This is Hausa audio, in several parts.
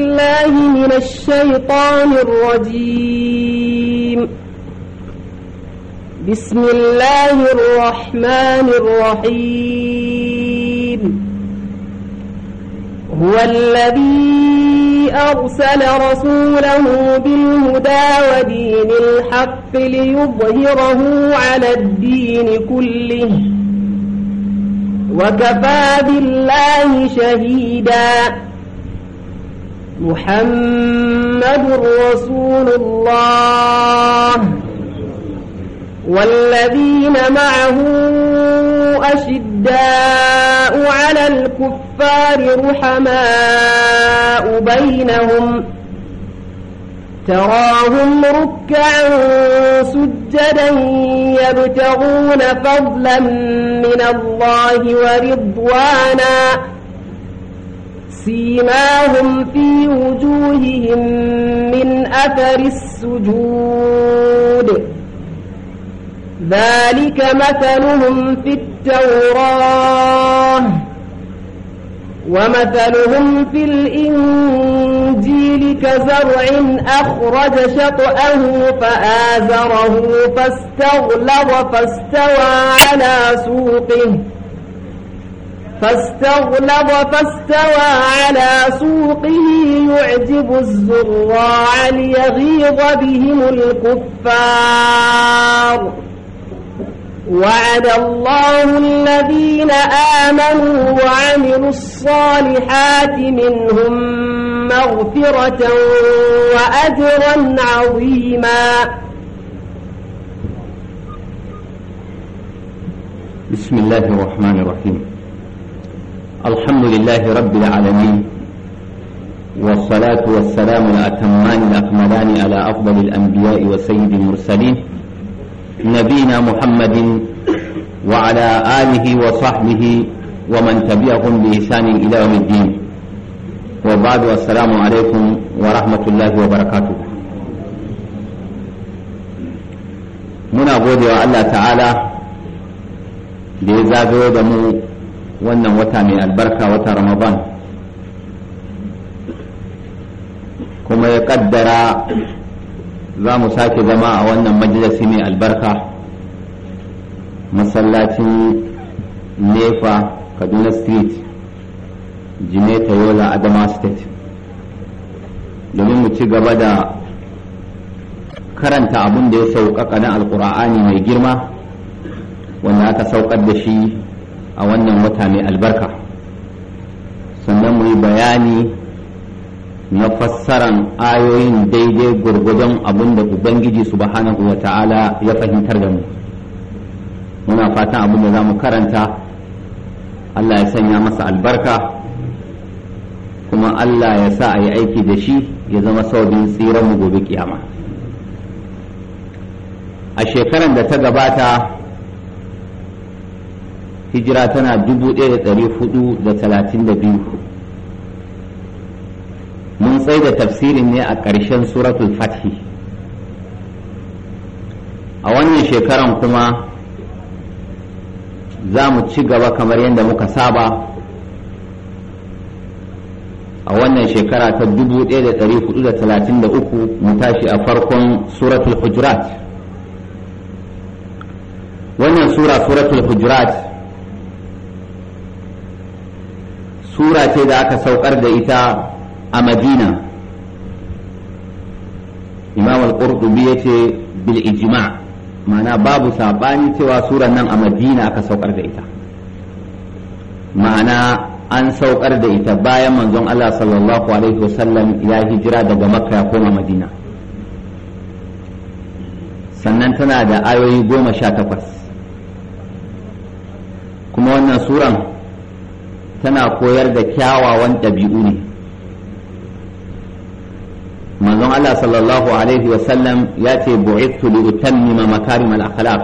الله من الشيطان الرجيم بسم الله الرحمن الرحيم هو الذي أرسل رسوله بالهدى ودين الحق ليظهره على الدين كله وكفى بالله شهيداً محمد رسول الله والذين معه أشداء على الكفار رحماء بينهم تراهم ركعا سجدا يبتغون فضلا من الله ورضوانا سيماهم في وجوههم من أثر السجود ذلك مثلهم في التوراة ومثلهم في الإنجيل كزرع أخرج شطأه فآزره فاستغلظ فاستوى على سوقه فاستغلظ فاستوى على سوقه يعجب الزراع ليغيظ بهم الكفار وعد الله الذين آمنوا وعملوا الصالحات منهم مغفرة وأجرا عظيما بسم الله الرحمن الرحيم الحمد لله رب العالمين والصلاة والسلام الأتمان الأكملان على أفضل الأنبياء وسيد المرسلين نبينا محمد وعلى آله وصحبه ومن تبعهم بإحسان إلى يوم الدين وبعد والسلام عليكم ورحمة الله وبركاته من أقول الله تعالى لذا da wannan wata mai albarka wata ramadan kuma ya kaddara za mu sake zama a wannan majalisi mai albarka masallacin nefa kaduna street jimeta yola adama state domin mu ci gaba da karanta abin da ya sauƙaƙa na alƙur'ani mai girma wanda aka saukar da shi a wannan wata mai albarka sannan mu yi bayani na fassaran ayoyin daidai gurgudan abin da ubangiji subhanahu wa ta'ala ya fahimtar da mu muna fatan abin da za mu karanta allah ya sanya masa albarka kuma allah ya sa a yi aiki da shi ya zama saurin tsiran mu gobe kiyama a shekaran da ta gabata hijira tana 1432 mun tsaye da tafsirin ne a ƙarshen suratul fathi a wannan shekaran kuma za mu ci gaba kamar yadda muka saba a wannan shekara ta 1433 mu tashi a farkon suratul hujurat wannan sura suratul hujurat sura ce da aka saukar da ita a madina imam al-qurtubi ya ce bil ijma ma'ana babu sabani cewa suran nan a madina aka saukar da ita ma'ana an saukar da ita bayan manzon Allah sallallahu alaihi wasallam ya hijira daga makka ya koma madina sannan tana da ayoyi goma sha takwas kuma wannan suran tana koyar da kyawawan ɗabi'u ne manzon Allah sallallahu alaihi wasallam ya ce bu'ithu li utammima makarim al akhlaq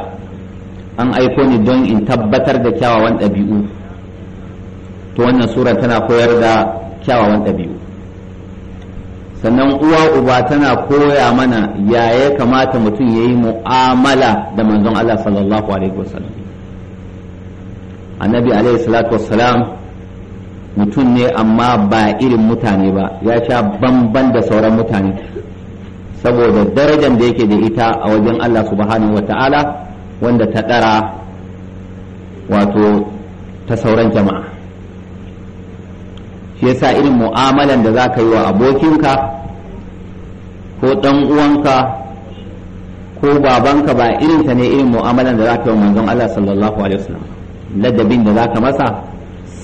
an aiko ni don in tabbatar da kyawawan ɗabi'u to wannan sura tana koyar da kyawawan ɗabi'u sannan uwa uba tana koya mana ya ya kamata mutum ya yi mu'amala da manzon Allah sallallahu alaihi wasallam annabi alaihi salatu wassalam mutum ne amma ba irin mutane ba ya sha bamban da sauran mutane saboda darajar da yake da ita a wajen Allah subhanahu wa ta'ala wanda ta ɗara wato ta sauran jama'a shi yasa irin mu'amalan da za ka yi wa abokinka ko ɗan uwanka ko babanka ba irinta ne irin mu'amalan da za ka yi wa manzon Allah sallallahu alaihi wasallam ladabin da za ka masa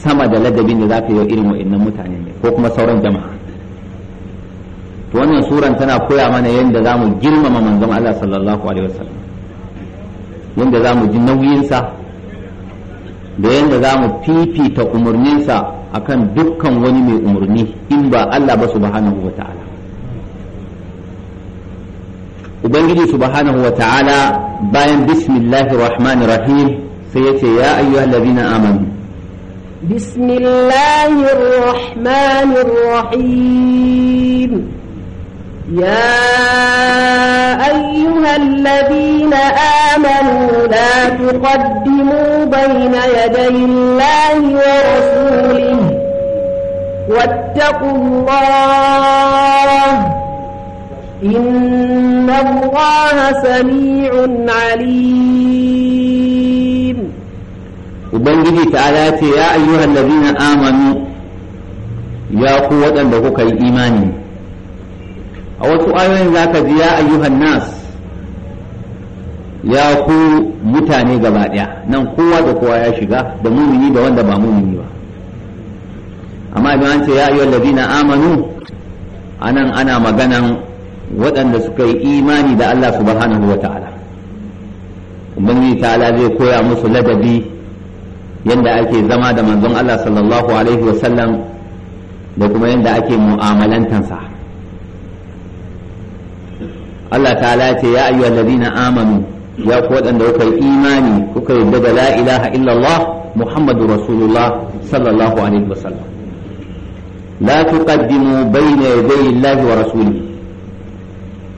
sama da ladabin da zaka yi irin wa'annan mutane ne ko kuma sauran jama'a to wannan suran tana koya mana yadda za mu girmama manzon Allah sallallahu alaihi wasallam yadda za mu ji nauyinsa da yadda za mu fifita umarninsa akan dukkan wani mai umarni in ba Allah ba subhanahu wa ta'ala ubangiji subhanahu wa ta'ala bayan bismillahir rahmanir rahim sai yace ya ayyuhallazina amanu بسم الله الرحمن الرحيم يا أيها الذين آمنوا لا تقدموا بين يدي الله ورسوله واتقوا الله إن الله سميع عليم ubangiji ta'ala ce ya ayyuhan ladina amanu ya ku waɗanda kuka yi imani a wasu ayoyin za ka ji ya ayyuhan nas ya ku mutane gaba ɗaya nan kowa da kowa ya shiga da mumini da wanda ba mumini ba amma idan an ce ya ayyuhan ladina amanu anan ana maganan waɗanda suka yi imani da Allah subhanahu wa ta'ala ubangiji ta'ala zai koya musu ladabi yadda ake zama da manzon Allah sallallahu alaihi wasallam da kuma yadda ake mu'amalantansa Allah ta'ala ce ya ayyuha alladhina amanu ya ku waɗanda kuka yi imani kuka yadda da la ilaha illallah muhammadu rasulullah sallallahu alaihi wasallam la tuqaddimu bayna yaday Allahi wa rasuli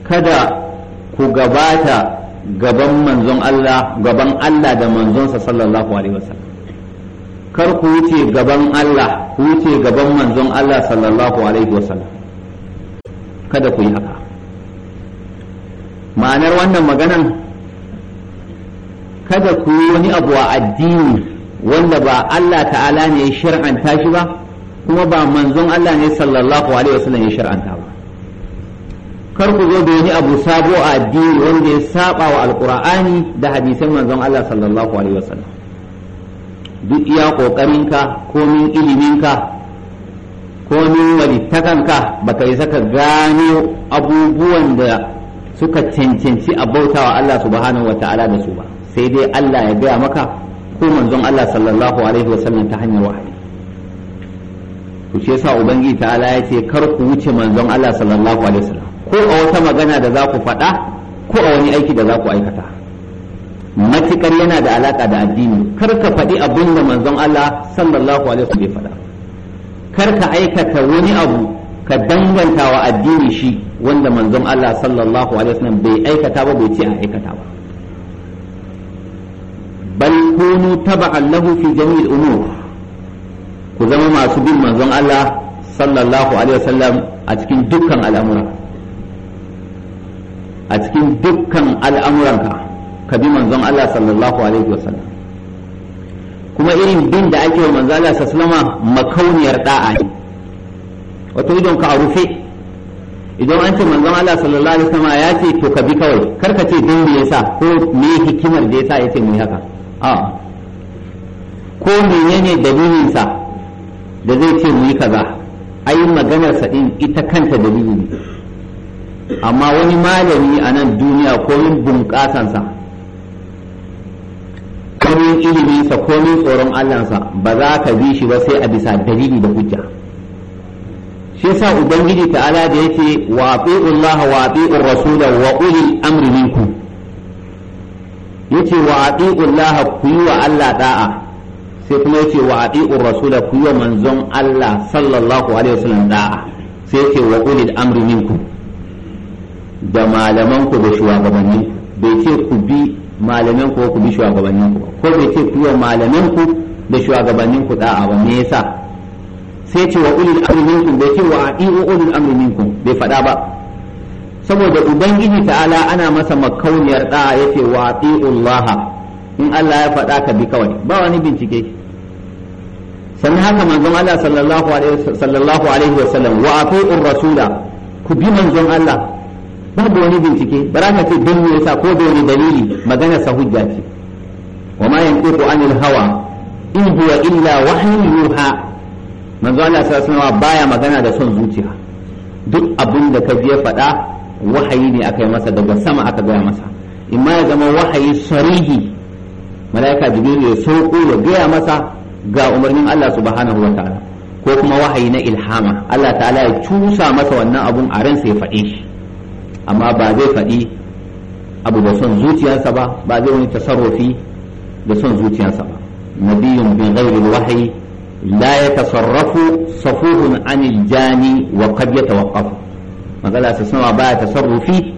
kada ku gabata gaban manzon Allah gaban Allah da manzonsa sallallahu alaihi wasallam kar ku wuce gaban Allah ku wuce gaban manzon Allah sallallahu alaihi wasallam kada ku yi haka ma'anar wannan maganan kada ku yi wani abu a addini wanda ba Allah ta'ala ne ya shir'anta shi ba kuma ba manzon Allah ne sallallahu alaihi wasallam ya shir'anta ba kar ku zo da wani abu sabo a addini wanda ya saba wa alqur'ani da hadisan manzon Allah sallallahu alaihi wasallam duk iya ƙoƙarinka komin iliminka komin walittakanka ba ka isa ka gano abubuwan da suka cancanci a bautawa Allah subhanahu wata'ala da su ba sai dai Allah ya gaya maka ko manzon Allah sallallahu alaihi wasallam ta hanyar wahayi to shi yasa ubangiji ta'ala ya ce kar ku wuce manzon Allah sallallahu alaihi wasallam ko a wata magana da za ku faɗa ko a wani aiki da za ku aikata matukar yana da alaƙa da addini kar ka faɗi abin da manzon Allah sallallahu alaihi wasallam ya faɗa kar ka aikata wani abu ka danganta wa addini shi wanda manzon Allah sallallahu alaihi wasallam bai aikata ba bai ce a aikata ba bal kunu taba'an lahu fi jami'il umur ku zama masu bin manzon Allah sallallahu alaihi wasallam a cikin dukkan al'amura a cikin dukkan al'amuranka ka bi manzon Allah sallallahu alaihi wa sallam kuma irin bin da ake wa manzon Allah sallama makauniyar da'a ne wato idan ka a rufe idan an ce manzon Allah sallallahu alaihi wa sallam ya ce to ka bi kawai kar ka ce dan me yasa ko me hikimar da yasa yace mu haka a ko menene dalilin sa da zai ce mu yi kaza ai maganar sa din ita kanta dalili ne amma wani malami a nan duniya ko yin bunƙasansa komin iliminsa komin tsoron Allahnsa ba za ka bi shi ba sai a bisa dalili da hujja shi yasa ubangiji ta'ala da yake wa Allah wa ati'ur rasul wa ulil amri minku yace wa Allah ku yi wa Allah da'a sai kuma yace wa ati'ur rasul ku yi wa manzon Allah sallallahu alaihi wasallam da'a sai yace wa ulil amri minkum da malamanku da shugabanni bai ce ku bi malamin ku ku bi shugabannin ku ko bai ce ku malamin ku da shugabannin ku da'a ba me yasa sai ce wa ulil amri minkum bai ce wa a'i'u ulil amri minkum bai faɗa ba saboda ubangiji ta'ala ana masa makauniyar da'a yace wa a'i'ullaha in Allah ya faɗa ka bi kawai ba wani bincike sannan haka manzon Allah sallallahu alaihi wasallam wa aqiqur rasula ku bi manzon Allah babu wani bincike ba za ka ce don me yasa ko da wani dalili magana sa hujja ce wa ma yantiqu anil hawa in huwa illa wahyun yuha manzo Allah sallallahu alaihi wasallam baya magana da son zuciya duk abin da ka je faɗa wahayi ne aka yi masa daga sama aka gaya masa ma ya zama wahayi sharihi malaika jibril ya sauko ya gaya masa ga umarnin Allah subhanahu wa ta'ala ko kuma wahayi na ilhama Allah ta'ala ya cusa masa wannan abun a ransa ya faɗe shi amma ba zai faɗi abu da son zuciyarsa ba ba zai wani tasarrufi da son zuciyarsa ba nabiyun bin ghairi wahyi la yatasarrafu safuhun anil jani wa qad yatawaqqafu magana su sama ba tasarrufi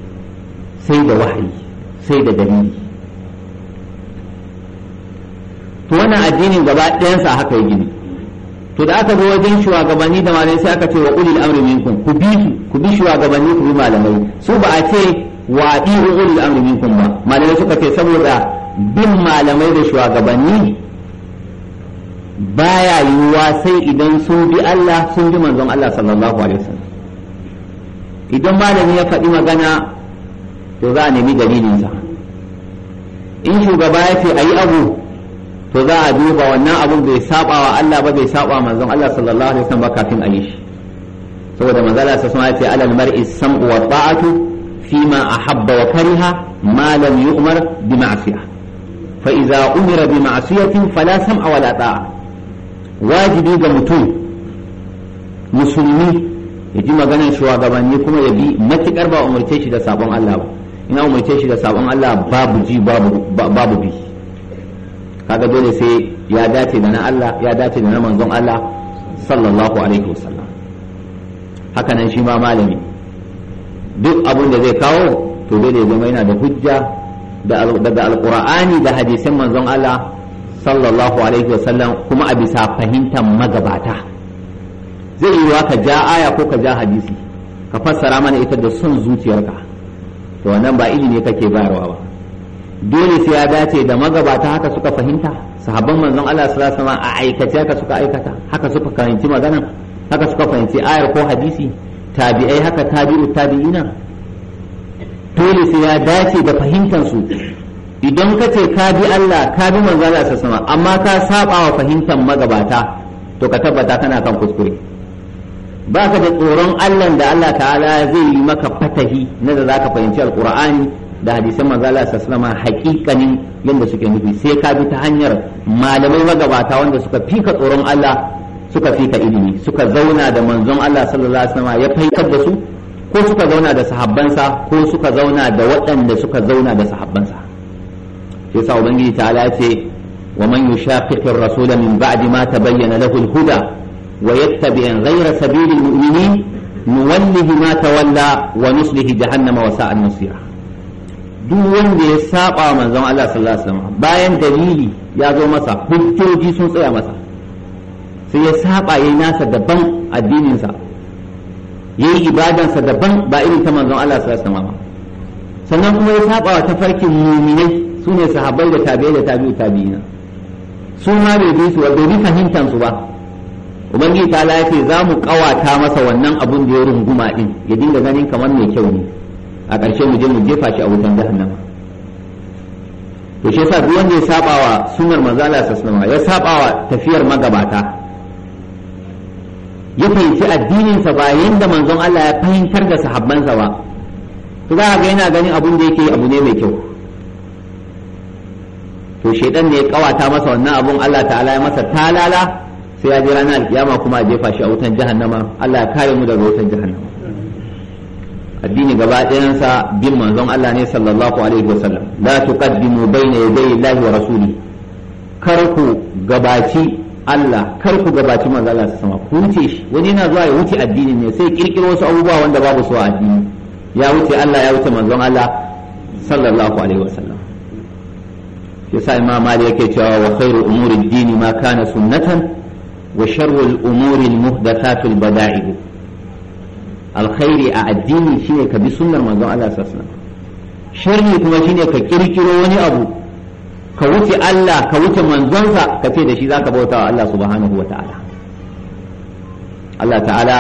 sai da wahayi sai da dalili to wannan addinin gaba ɗayansa haka ya gini to da aka zo wajen shugabanni da malamai sai aka ce wa ulil amri minkum ku bi su ku bi shugabanni ku bi malamai su ba a ce wa bi ulil amri minkum ba malamai suka ce saboda bin malamai da shugabanni baya yiwuwa sai idan sun bi Allah sun bi manzon Allah sallallahu alaihi wasallam idan malami ya faɗi magana to za a nemi dalilinsa in shugaba ya ce ayi abu to za a duba wannan abun bai saba wa Allah ba bai saba manzon Allah sallallahu alaihi wasallam ba kafin a yi shi saboda manzala sa sun ce alal mar'i sam'u wa ta'atu fi ma ahabba wa kariha ma lam yu'mar bi ma'siyah fa idza umira bi ma'siyatin fala sam'a wa la ta'a wajibi ga mutum musulmi ya ji maganar shugabanni kuma ya bi matukar ba umarce shi da sabon Allah ba ina umarce shi da sabon Allah babu ji babu bi kaga dole sai ya dace da na Allah ya dace da na manzon Allah sallallahu alaihi wasallam haka nan shi ma malami duk abin da zai kawo to dole zama yana da hujja daga alqur'ani da hadisin manzon Allah sallallahu alaihi wasallam kuma a bisa fahimtar magabata zai yi ka ja aya ko ka ja hadisi ka fassara mana ita da son zuciyarka to wannan ba ilimi kake bayarwa ba dole sai ya dace da magabata haka suka fahimta sahabban manzon Allah sallallahu alaihi wasallam a aikace haka suka aikata haka suka fahimci maganan haka suka fahimci ayar ko hadisi tabi'ai haka tabi'u tabi'ina dole sai ya dace da fahimtar su idan ka ce ka bi Allah ka bi manzon Allah sallallahu alaihi amma ka saba wa fahimtar magabata to ka tabbata kana kan kuskure baka da tsoron Allah da Allah ta'ala zai yi maka fatahi na da zaka fahimci alqur'ani da hadisan manzo Allah sallallahu hakikanin yadda suke nufi sai ka bi ta hanyar malamai magabata wanda suka fika tsoron Allah suka fika ilimi suka zauna da manzon Allah sallallahu alaihi ya fahimtar da su ko suka zauna da sahabbansa ko suka zauna da waɗanda suka zauna da sahabbansa sai sa ubangiji ta'ala ce wa man yushaqiqir rasula min ba'di ma tabayyana lahu al-huda wa yattabi' ghayra sabili muminin nuwallihi ma tawalla wa nuslihi jahannama wa sa'at masira duk wanda ya saba manzon Allah sallallahu alaihi wasallam bayan dalili ya zo masa hujjoji sun tsaya masa sai ya saba yayi nasa daban addininsa yayi ibadansa daban ba irin ta manzon Allah sallallahu alaihi wasallam sannan kuma ya saba wa tafarkin mu'minai sune sahabbai da tabi'i da tabi'u tabi'ina su ma bai bi su bai bi fahimtan su ba ubangiji ta lafi za mu kawata masa wannan abun da ya runguma din ya dinga ganin kamar mai kyau ne a ƙarshe mu je mu jefa shi a wutan jahannama to shi yasa duk wanda ya saba wa sunnar manzo Allah sallallahu alaihi ya saba wa tafiyar magabata ya fahimci addinin sa ba yanda manzon Allah ya fahimtar da sa ba to za ga yana ganin abun da yake abu ne mai kyau to shedan ne ya kawata masa wannan abun Allah ta'ala ya masa talala sai ya ji ranar alkiyama kuma a jefa shi a wutan jahannama Allah ya kare mu daga wutan jahannama addini gaba ɗayansa bin manzon Allah ne sallallahu alaihi wasallam la tuqaddimu bayna yaday Allah wa rasuli kar ku gabaci Allah kar ku gabaci manzon Allah sama ku wuce shi wani yana zuwa ya wuce addini ne sai kirkiro wasu abubuwa wanda babu su a addini ya wuce Allah ya wuce manzon Allah sallallahu alaihi wasallam yasa imam mali yake cewa wa khairu umuri dini ma kana sunnatan wa sharru al-umuri al-muhdathatul bada'i alkhairi a addini shine ka bi sunnar manzon Allah sallallahu alaihi sharri kuma shine ka kirkiro wani abu ka wuce Allah ka wuce manzonsa ka ce da shi zaka bauta wa Allah subhanahu wa ta'ala Allah ta'ala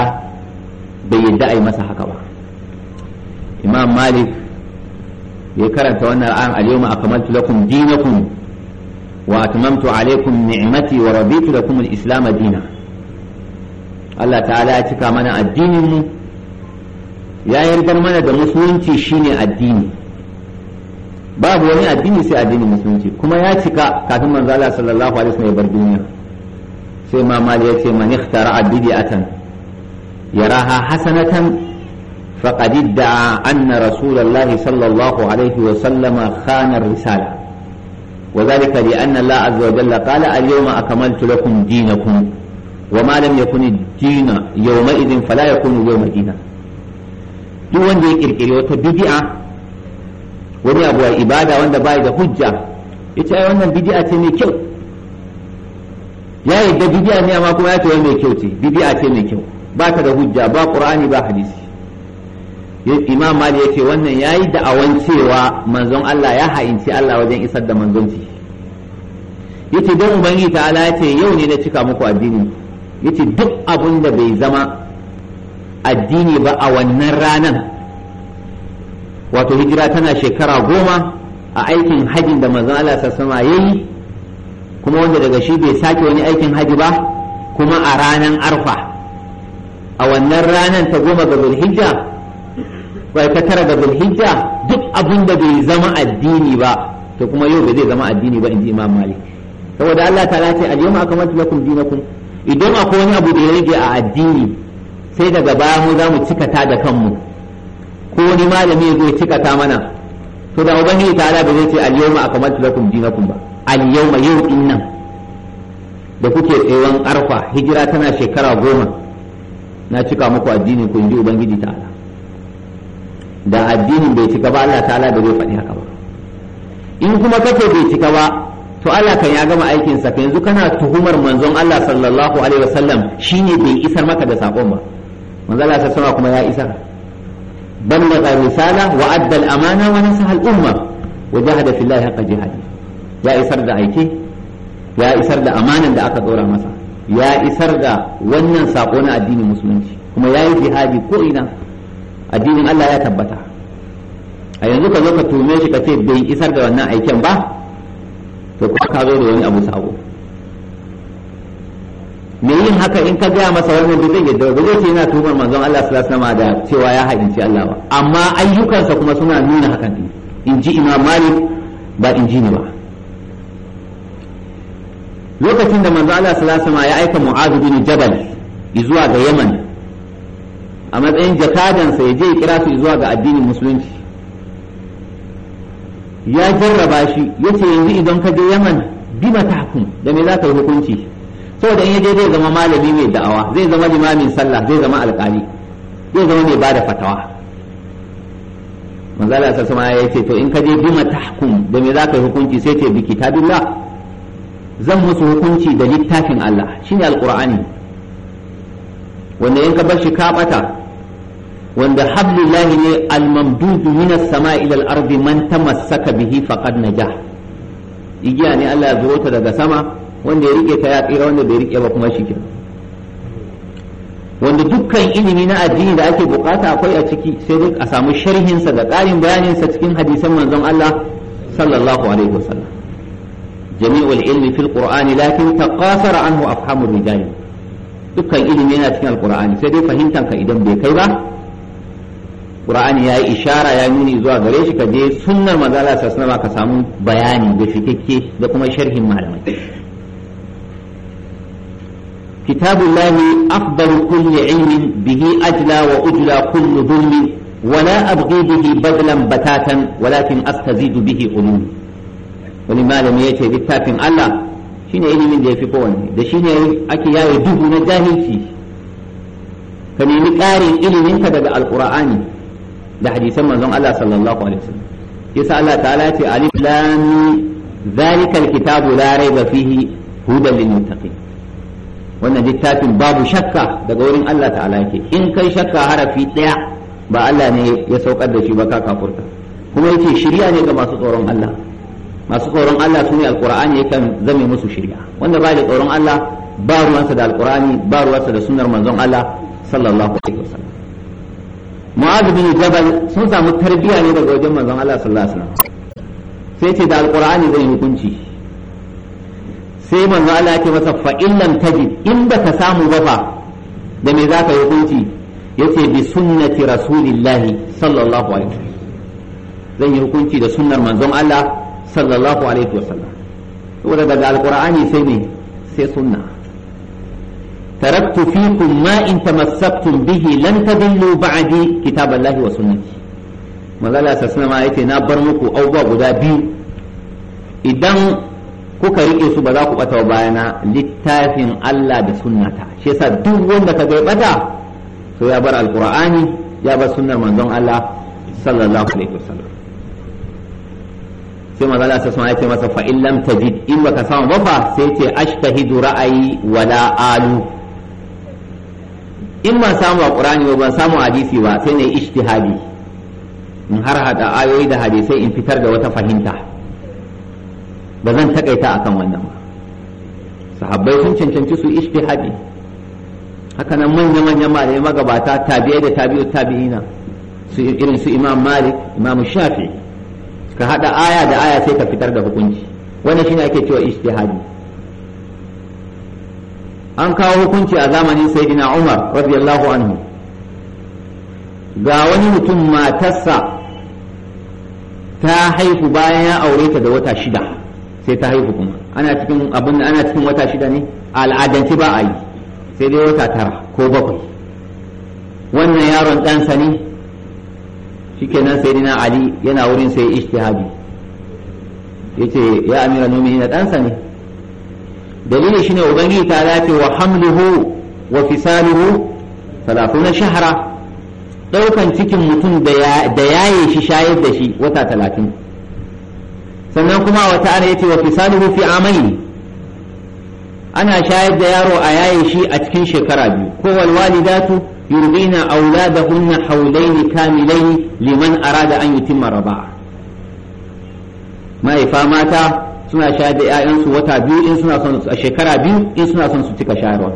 bai yadda ai masa haka ba Imam Malik ya karanta wannan ayan al-yawma akmaltu lakum dinakum wa atmamtu alaykum ni'mati wa raditu lakum al-islam dinan Allah ta'ala ya cika mana addinin mu ya yarda mana da musulunci shine addini babu wani addini sai addinin musulunci kuma ya cika kafin manzo Allah sallallahu alaihi wasallam ya bar duniya sai ma mali ya ce man ikhtara bid'atan yaraha hasanatan faqad idda'a anna rasulullahi sallallahu alaihi wasallam khana risala وذلك لأن الله عز وجل قال اليوم أكملت لكم دينكم وما لم يكن الدين يومئذ فلا يكون يوم دينا duk wanda ya kirkiri wata bidi'a wani abu a ibada wanda bai da hujja yace ai wannan bidi'a ce mai kyau ya yadda bidi'a ne amma kuma ya ce mai kyau ce bidi'a ce mai kyau ba ta da hujja ba qur'ani ba hadisi imam mali yace wannan yayi da'awan cewa manzon Allah ya ha'inci Allah wajen isar da manzonci yace dan ubangiji ta'ala yace yau ne na cika muku addini yace duk abun da bai zama addini ba a wannan ranan wato hijira tana shekara goma a aikin hajin da manzon Allah sassama ya yi kuma wanda daga shi bai sake wani aikin haji ba kuma a ranan arfa a wannan ranan ta goma ga zulhijja bai ta tara ga zulhijja duk abin da bai zama addini ba to kuma yau bai zai zama addini ba in ji imam malik saboda Allah ta ce al-yawma akmaltu lakum dinakum idan akwai wani abu da ya rage a addini sai daga baya mu za mu cikata da kanmu ko wani malami ya zo cikata mana to da ubangiji ta ala ba zai ce al-yawma akmaltu lakum dinakum ba al-yawma yau din da kuke tsayuwan arfa hijira tana shekara goma na cika muku addini ku ji ubangiji ta ala da addinin bai cika ba Allah ta'ala ba zai faɗi haka ba in kuma kake bai cika ba to Allah kan ya gama aikinsa ka yanzu kana tuhumar manzon Allah sallallahu alaihi wasallam shine bai isar maka da sakon ba manzala ta sama kuma ya isa ballagha risala wa adda al-amana wa nasaha al-umma wa jahada haqqa jihadi ya isar da aiki ya isar da amanan da aka dora masa ya isar da wannan sako na addinin musulunci kuma ya yi jihadi ko ina addinin Allah ya tabbata a yanzu ka zo ka tume shi ka ce bai isar da wannan aiken ba to kuma ka zo da wani abu sabo me yin haka in ka gaya masa wannan bai zai yadda ba zai ce yana tuhumar manzon Allah sallallahu alaihi wasallam da cewa ya haɗinci Allah ba amma ayyukansa kuma suna nuna hakan din in ji Imam Malik ba in ji ni ba lokacin da manzon Allah sallallahu alaihi wasallam ya aika Mu'adh bin Jabal zuwa ga Yaman a matsayin jakadansa ya je ya kira su zuwa ga addinin musulunci ya jarraba shi yace yanzu idan ka je Yaman bima tahkum da me za ka yi hukunci saboda in yaje zai zama malami mai da'awa zai zama limamin sallah zai zama alƙali zai zama mai bada fatawa manzala sa sama ya ce to in ka je bima tahkum da me za ka yi hukunci sai ce biki tabillah zan musu hukunci da littafin Allah shine alqur'ani wanda in ka bar shi ka bata wanda hablillahi ne almamdudu minas sama ila al-ardi man tamassaka bihi faqad najah igiya ne Allah ya zo ta daga sama wanda ya rike ta ya tsira wanda bai rike ba kuma shike wanda dukkan ilimi na addini da ake bukata akwai a ciki sai dai a samu sharhinsa da ƙarin bayaninsa cikin hadisan manzon Allah sallallahu alaihi wasallam jami'ul ilmi fil qur'ani lakin taqasara anhu afhamur rijali dukkan ilimi yana cikin alqur'ani sai dai fahimtan ka idan bai kai ba qur'ani yayi ishara ya nuni zuwa gare shi ka je sunnar manzon Allah sallallahu alaihi wasallam ka samu bayani da fikakke da kuma sharhin malamai كتاب الله أفضل كل علم به أجلى وأجلى كل ظلم ولا أبغي به بذلا بتاتا ولكن أستزيد به علوم ولما لم يأتي بالتاف الله شين علم دي في قوان ده شين أكي يا يدوب نجاهلتي فنيمي قارن علم كذا القرآن ده حديثا من الله صلى الله عليه وسلم يسأل الله تعالى ألف لام ذلك الكتاب لا ريب فيه هدى للمتقين wannan littafin babu shakka daga wurin Allah ta'ala yake in kai shakka harafi ɗaya ba Allah ne ya saukar da shi ba ka kafurta kuma yake shirya ne ga masu tsoron Allah masu tsoron Allah su ne alkur'ani yakan zame musu shirya wanda ba da tsoron Allah ba ruwansa da alkur'ani ba ruwansa da sunnar manzon Allah sallallahu alaihi wasallam mu'adh bin jabal sun samu tarbiyya ne daga wajen manzon Allah sallallahu alaihi wasallam sai ce da alkur'ani zai hukunci sai manzo Allah ya ce masa fa in lam tajid in baka samu ba fa da me zaka yi hukunci yace bi sunnati rasulillahi sallallahu alaihi wasallam zan yi hukunci da sunnar manzon Allah sallallahu alaihi wasallam saboda daga alqur'ani sai ne sai sunna taraktu fikum ma in tamassaktum bihi lan tadillu ba'di kitaballahi wa sunnati manzo Allah sallallahu alaihi wasallam yace na bar muku abubuwa guda biyu idan kuka rike su ba za ku bata bayana littafin Allah da sunnata shi yasa duk wanda ka bai bata to ya bar alqur'ani ya bar sunnar manzon Allah sallallahu alaihi wasallam sai manzon Allah sallallahu alaihi masa fa in lam tajid in baka samu ba fa sai ce ashtahidu ra'ayi wala alu in ma samu alqur'ani ba ban samu hadisi ba sai ne ijtihadi in har hada ayoyi da hadisai in fitar da wata fahimta ba zan takaita akan wannan ba sahabbai sun cancanci su ishtihadi haka nan manya manyan malamai magabata tabi'ai da tabi'u tabi'ina su irin su imam malik imam shafi ka hada aya da aya sai ka fitar da hukunci wannan shine ake cewa ishtihadi an kawo hukunci a zamanin sayyidina umar radiyallahu anhu ga wani mutum matarsa ta haihu bayan ya aure ta da wata shida sai ta haihu kuma ana cikin abin ana cikin wata shida ne al'adance ba a yi sai dai wata tara ko bakwai wannan yaron ɗansa ne shikenan sai dina ali yana wurin sai ijtihadi yace ya amira mu'minin ɗansa ne dalili shine ubangiji ta dace wa hamluhu wa fisaluhu 30 shahara. Ɗaukan cikin mutum da yaye shi shayar da shi wata talatin sannan kuma wata ana yace wa fisaluhu fi amaini ana shayar da yaro a yaye shi a cikin shekara biyu ko wal walidatu yurdina auladahunna hawlaini kamilaini liman arada an yutimma raba'a mahaifa mata suna shayar da 'ya'yansu wata biyu in suna son a shekara biyu in suna son su cika shayarwa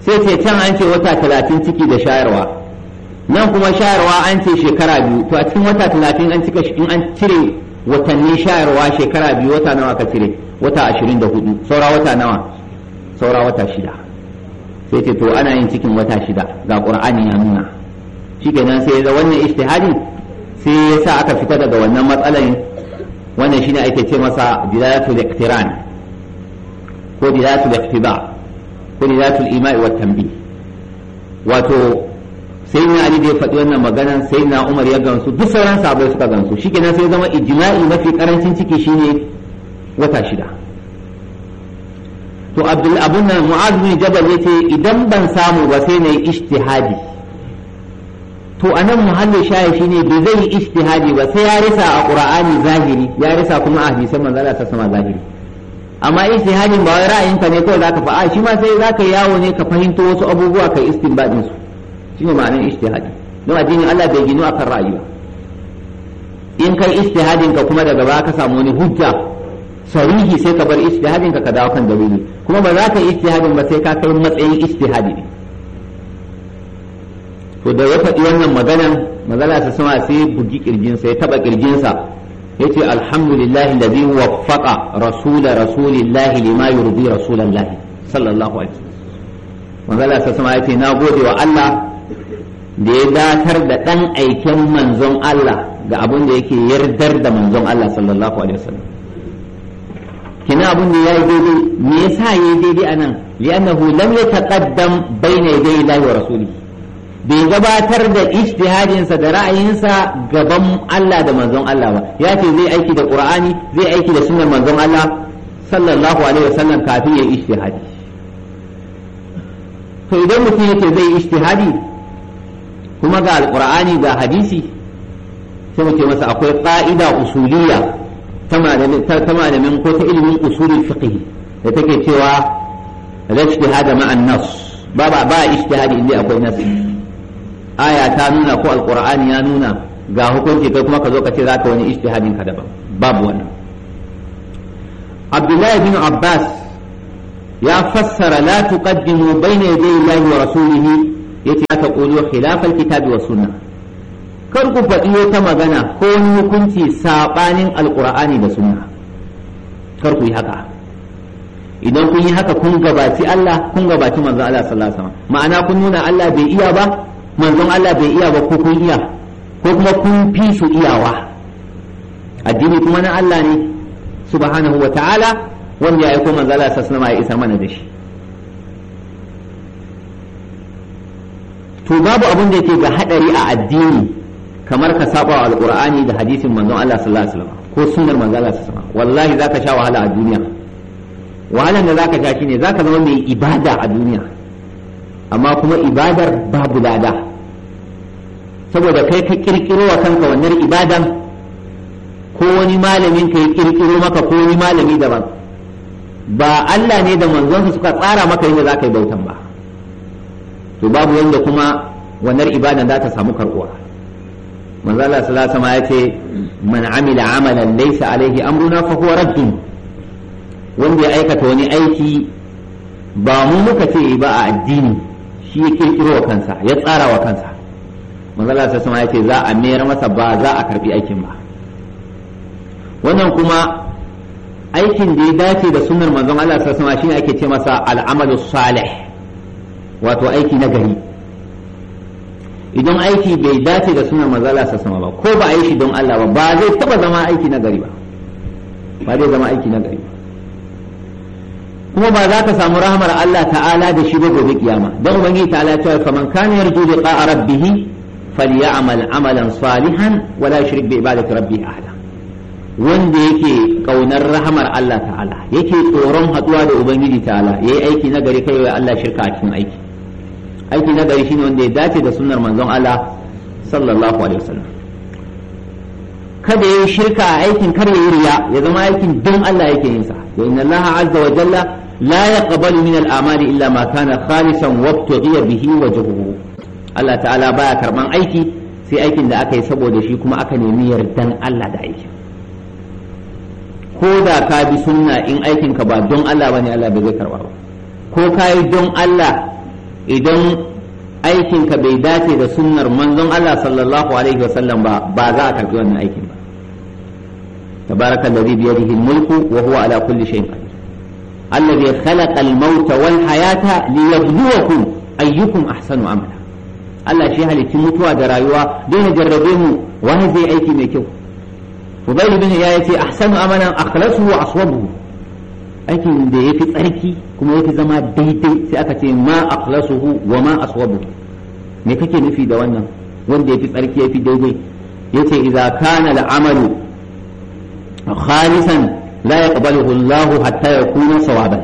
sai ce can an ce wata talatin ciki da shayarwa nan kuma shayarwa an ce shekara biyu to a cikin wata talatin an cika in an cire watanni shayarwa shekara biyu wata nawa ka cire wata ashirin da hudu saura wata nawa saura wata shida sai ce to ana yin cikin wata shida ga qur'ani ya nuna shikenan sai ya wannan ijtihadi sai ya sa aka fita daga wannan matsalan wannan shine ake ce masa dilalatul iqtiran ko dilalatul iqtiba ko dilalatul ima'i wa tanbih wato sai na ali da ya faɗi wannan magana sai na umar ya gansu duk sauran sahabbai suka gansu shikenan sai zama ijma'i mafi karancin ciki shine wata shida to abdul abun nan mu'az bin jabal yace idan ban samu ba sai na yi ijtihadi to anan muhallin shayi shine bai zai yi ijtihadi ba sai ya risa a qur'ani zahiri ya risa kuma a hadisan manzo Allah sama zahiri amma ijtihadin ba wai ra'ayinka ne kawai zaka fa'a shi ma sai zaka yawo ne ka fahimta wasu abubuwa kai istinbadin su shine ma'anar ijtihadi don addinin Allah bai ginu akan ra'ayi ba in kai ijtihadin ka kuma daga baya ka samu wani hujja sarihi sai ka bar ijtihadin ka ka dawo kan dalili kuma ba za ka yi ijtihadin ba sai ka kai matsayin ijtihadi ne to da ya faɗi wannan maganan magana ta sama sai bugi kirjinsa ya taba kirjinsa ya ce alhamdulillahi ladhi waffaqa rasula rasulillahi lima yurdi rasulallahi sallallahu alaihi wasallam magana ta sama ya ce na gode wa Allah da ya datar da ɗan aiken manzon Allah ga abin da yake yardar da manzon Allah sallallahu alaihi wasallam kina abin da yayi daidai me yasa yayi daidai anan li'annahu lam yataqaddam bayna yaday Allah wa rasuli bai gabatar da ijtihadin sa da ra'ayinsa gaban Allah da manzon Allah ba ya ce zai aiki da Qur'ani zai aiki da sunnar manzon Allah sallallahu alaihi wasallam kafin ya ijtihadi to idan mutum yake zai ijtihadi kuma ga alkur'ani ga hadisi sai mu masa akwai ƙa'ida usuliya ta malamin ko ta ilimin usulin fiqh da take cewa la ijtihada ma'an nas ba ba ba ijtihadi inda akwai nas aya ta nuna ko alkur'ani ya nuna ga hukunci kai kuma ka zo ka ce zaka wani ijtihadin ka daban babu wannan Abdullahi bin Abbas ya fassara la tuqaddimu bayna yaday Allah wa rasulihi yace aka qulu khilafal kitabi was sunnah kar ku faɗi wata magana ko wani hukunci sabanin alqur'ani da sunna kar ku yi haka idan kun yi haka kun gabaci Allah kun gabaci manzon Allah sallallahu alaihi wasallam ma'ana kun nuna Allah bai iya ba manzon Allah bai iya ba ko kun iya ko kuma kun fi su iyawa addini kuma na Allah ne subhanahu wa ta'ala wanda ya aiko manzon Allah sallallahu alaihi wasallam ya isa mana da shi to babu abin da yake ga hadari a addini kamar ka saba wa alqur'ani da hadisin manzon Allah sallallahu alaihi wasallam ko sunnar manzon Allah sallallahu alaihi wasallam wallahi zaka sha wahala a duniya wahalan da zaka sha shine zaka zama mai ibada a duniya amma kuma ibadar babu lada saboda kai ka kirkiro wa kanka wannan ibadan ko wani malamin ka ya kirkiro maka ko wani malami daban ba Allah ne da manzonsa suka tsara maka yadda zaka yi bautan ba to babu wanda kuma wannan ibada za ta samu karbuwa manzo Allah ma ya ce man amila amalan laysa alaihi amruna fa huwa raddun wanda ya aikata wani aiki ba mu muka ce ba a addini shi ya kirkiro wa kansa ya tsara wa kansa manzo Allah ma ya ce za a mayar masa ba za a karbi aikin ba wannan kuma aikin da ya dace da sunnar manzon Allah sallallahu alaihi wasallam shine ake ce masa al-amalu salih wato aiki na gari idan aiki bai dace da suna mazala sa sama ba ko ba a yi shi don Allah ba ba zai taba zama aiki na gari ba ba zai zama aiki na gari kuma ba za ka samu rahmar Allah ta'ala da shi ba gobe kiyama don ubangiji ta'ala ta faman kana yarju liqa'a rabbih falyamal amalan salihan wala yushrik bi ibadati rabbih ahada wanda yake kaunar rahamar Allah ta'ala yake tsoron haɗuwa da Ubangiji ta'ala ya yi aiki na gari kai wa Allah shirka a cikin aiki aiki na gari shine wanda ya dace da sunnar manzon Allah sallallahu alaihi wasallam kada yi shirka a aikin kar ya riya ya zama aikin don Allah yake yin sa wa inna Allah azza wa jalla la yaqbalu min al illa ma kana khalisan wa ibtughiya bihi wajhuhu Allah ta'ala baya karban aiki sai aikin da aka yi saboda shi kuma aka nemi yardan Allah da aikin ko da ka bi sunna in aikinka ba don Allah bane Allah bai zai karba ba ko ka yi don Allah idan aikinka bai dace da sunnar manzon Allah sallallahu alaihi wasallam ba ba za a karbi wannan aikin ba tabaraka alladhi bi yadihi mulku ala kulli shay'in qadir alladhi khalaqa al-mauta wal hayata liyabluwakum ayyukum ahsanu amala Allah shi halicci mutuwa da rayuwa don ya jarrabe mu wani zai aiki mai kyau Fudail bin ya yace ahsanu amalan wa aikin da ya fi tsarki kuma ya fi zama daidai sai aka ce ma akhlasuhu wa ma aswabu me kake nufi da wannan wanda ya fi tsarki ya fi daidai yace idza kana al'amalu khalisan la yaqbaluhu Allah hatta yakuna sawaban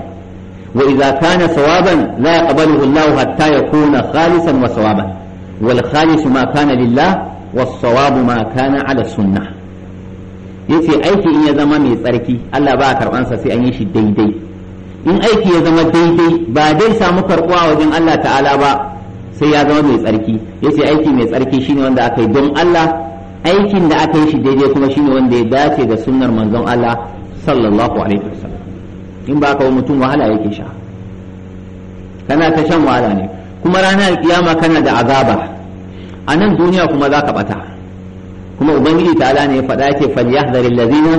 wa idza kana sawaban la yaqbaluhu Allah hatta yakuna khalisan wa sawaban wal khalisu ma kana lillah was sawabu ma kana ala sunnah yace aiki in ya zama mai tsarki Allah ba a karbansa sai an yi shi daidai in aiki ya zama daidai ba dai samu karbuwa wajen Allah ta'ala ba sai ya zama mai tsarki yace aiki mai tsarki shine wanda aka yi don Allah aikin da aka yi shi daidai kuma shine wanda ya dace da sunnar manzon Allah sallallahu alaihi wasallam in ba ka mutum wahala yake sha kana ta shan wahala ne kuma ranar kiyama kana da azaba a nan duniya kuma za ka bata kuma ubangiji ta'ala ne ya faɗa yake falyahdhar allazina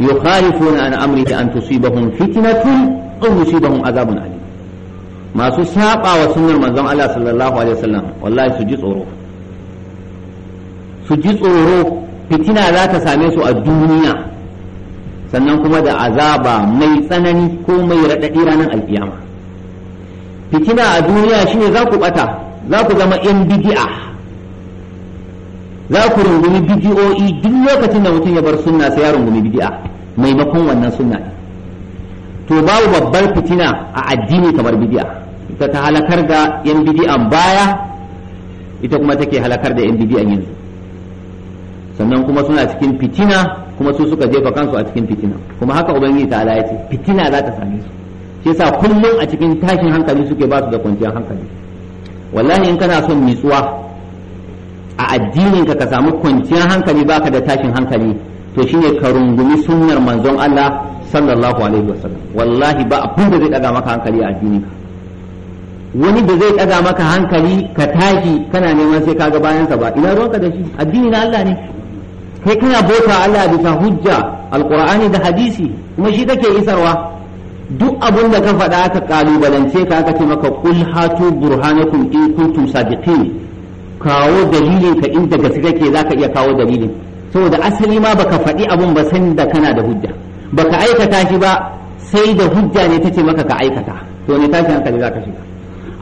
yukhalifuna an amrihi an tusibahum fitnatun aw yusibahum azabun alim masu saba wa sunnar manzon Allah sallallahu alaihi wasallam wallahi su ji tsoro su ji tsoro fitina za ta same su a duniya sannan kuma da azaba mai tsanani ko mai raɗaɗi ranar alkiyama fitina a duniya shine za ku ɓata za ku zama 'yan bidi'a za ku rungumi bidiyo'i duk lokacin da mutum ya bar sunna sai ya rungumi bidi'a maimakon wannan sunna to babu babbar fitina a addini kamar bidi'a ita ta halakar da yan bidi'an baya ita kuma take halakar da yan bidi'an yanzu sannan kuma suna cikin fitina kuma su suka jefa kansu a cikin fitina kuma haka ubangiji ta ala ya ce fitina za ta same su shi yasa kullum a cikin tashin hankali suke ba su da kwanciyar hankali wallahi in kana son nitsuwa a addinin ka ka samu kwanciyar hankali baka da tashin hankali to shine ka rungumi sunnar manzon Allah sallallahu alaihi wasallam wallahi ba abin da zai daga maka hankali a addininka wani da zai daga maka hankali ka tashi kana neman sai kaga bayan sa ba ina ruwanka da shi addini na Allah ne kai kana bauta Allah bisa hujja alqur'ani da hadisi kuma shi kake isarwa duk abin da ka faɗa aka kalubalance ka aka ce maka qul hatu burhanakum in kuntum sadiqin kawo dalilin ka inda gaske kake zaka iya kawo dalilin saboda asali ma baka faɗi abun ba san da kana da hujja baka aikata shi ba sai da hujja ne tace maka ka aikata to ne tashi hankali zaka shiga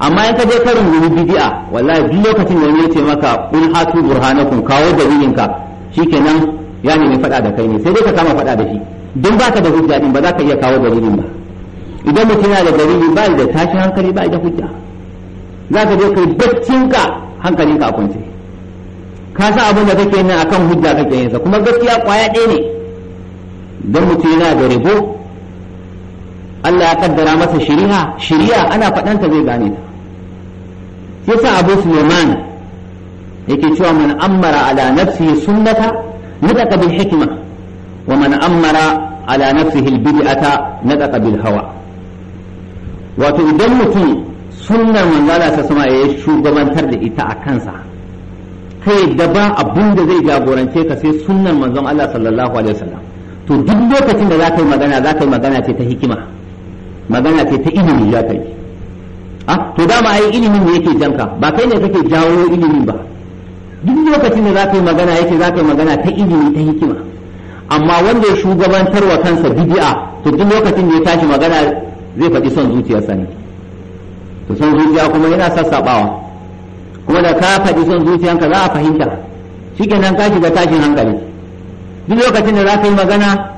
amma in ka je karin wuri bid'a wallahi duk lokacin da wani yace maka qul hatu burhanakum kawo dalilin ka shikenan ya ne faɗa da kai ne sai dai ka kama faɗa da shi don baka da hujja din ba za ka iya kawo dalilin ba idan mutum yana da dalili ba da tashi hankali ba da hujja za ka je kai ka Hankali ka kwance ka sa abin da kake a akan hujja kake yin sa kuma gaskiya kwaya ɗaya ne don mutum yana da rabo Allah ya kaddara masa shari'a shari'a ana faɗan ta zai gane ta sai sa Abu Sulaiman yake cewa man amara ala nafsihi sunnata nadaka bil hikma wa man amara ala nafsihi al bid'ata nadaka bil hawa wato idan mutum sunnar manzala ta sama ya shugabantar da ita a kansa kai da ba abin da zai jagorance ka sai sunnar manzon Allah sallallahu alaihi wasallam to duk lokacin da za ka yi magana za ka yi magana ce ta hikima magana ce ta ilimi ya kai yi ah to dama ai ilimin ne yake janka ba kai ne kake jawo ilimin ba duk lokacin da za ka yi magana yake za ka yi magana ta ilimi ta hikima amma wanda ya shugabantar wa kansa bid'a to duk lokacin da ya tashi magana zai faɗi son zuciyarsa ne to son zuciya kuma yana sassabawa kuma da ka faɗi son zuciyanka za a fahimta shikenan ka shiga tashin hankali duk lokacin da za ka yi magana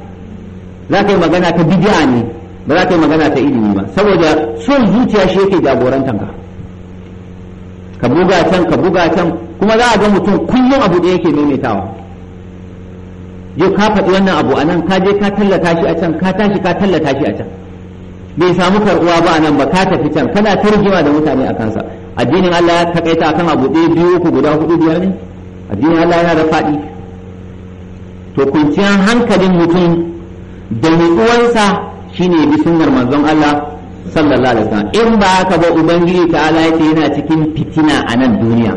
za ka yi magana ta bidiya ne ba za ka yi magana ta ilimi ba saboda son zuciya shi yake jagorantanka ka buga can ka buga can kuma za a ga mutum kullum abu da yake maimaitawa yau ka faɗi wannan abu a nan ka je ka tallata shi a can ka tashi ka tallata shi a can bai samu karbuwa ba nan ba ka tafi can kana tarjima da mutane a kansa addinin Allah ya takaita akan abu ɗaya biyu uku guda hudu biyar ne addinin Allah yana da faɗi to kunciyar hankalin mutum da nutsuwansa shine bi sunnar manzon Allah sallallahu alaihi wasallam in ba haka ba ubangiji ta'ala yake yana cikin fitina a nan duniya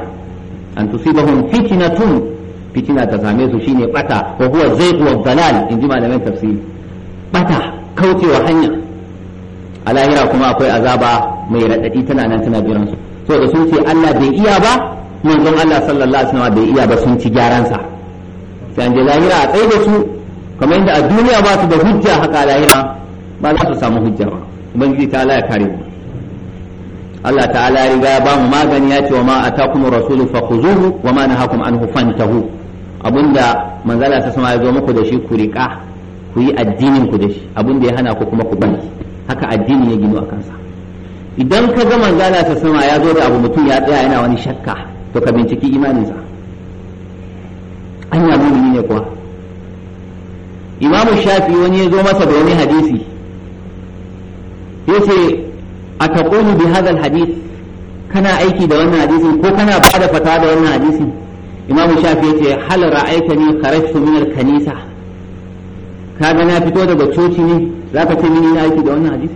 an tusibahum fitnatun fitina ta same su shine bata wa huwa zayq wa dalal inji malamin tafsiri bata kaucewa hanya a lahira kuma akwai azaba mai raɗaɗi tana nan tana jiran su saboda sun ce Allah bai iya ba manzon Allah sallallahu alaihi wasallam bai iya ba sun ci gyaran sa sai an je lahira a tsaye da su kamar inda a duniya ba su da hujja haka a lahira ba za su samu hujja ba ubangiji ta Allah ya kare mu Allah ta'ala ya riga ya ba mu magani ya ce wa ma atakum rasulu fakhuzuhu wa ma nahakum anhu fantahu abinda manzala ta sama ya zo muku da shi ku riƙa ku yi addinin ku da shi abunda ya hana ku kuma ku bari haka addini ya gino a kansa idan ka ga manzala ta sama ya zo da abu mutum ya tsaya yana wani shakka to ka binciki imaninsa an ya mumini ne kuwa imamu shafi wani ya zo masa da wani hadisi ya ce a taƙoni bi hadal hadis kana aiki da wannan hadisi ko kana ba da fata da wannan hadisi imamu shafi ya ce hal ra'aita ni kharajtu min al-kanisa ka ga na fito daga coci ne za ka ce mini na aiki da wannan hadisi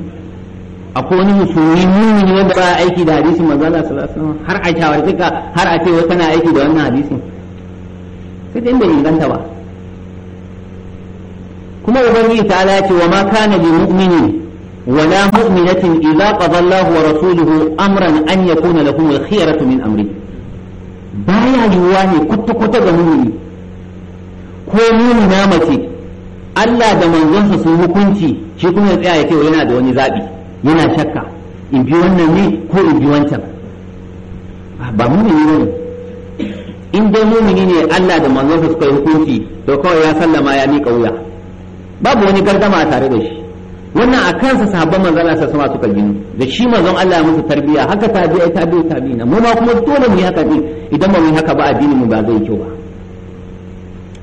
akwai wani musulmi mumini wanda ba aiki da hadisi manzo Allah sallallahu alaihi wasallam har a shawarci ka har a ce wata na aiki da wannan hadisi? sai dai bai inganta ba kuma ubangiji ta ala ce wa ma kana li mu'minin ولا مؤمنة إذا قضى الله ورسوله أمرا أن يكون لهم الخيرة من أمره بايا يواني كنت ga غموني ko muni na mace Allah da manzonsa sun hukunci shi kuma ya tsaya ya ce yana da wani zaɓi yana shakka in bi wannan ne ko in bi wancan ah, ba mumini ne in dai mumini ne Allah da manzonsa suka yi hukunci to kawai ya sallama ya miƙa wuya babu wani a tare da shi wannan a kansa sahabban manzon Allah sama suka gini da shi manzon Allah ya musu tarbiyya haka ta tabi'ai ta biya mu ma kuma dole mu yi haka din idan ba mu yi haka ba addinin mu ba zai kyau ba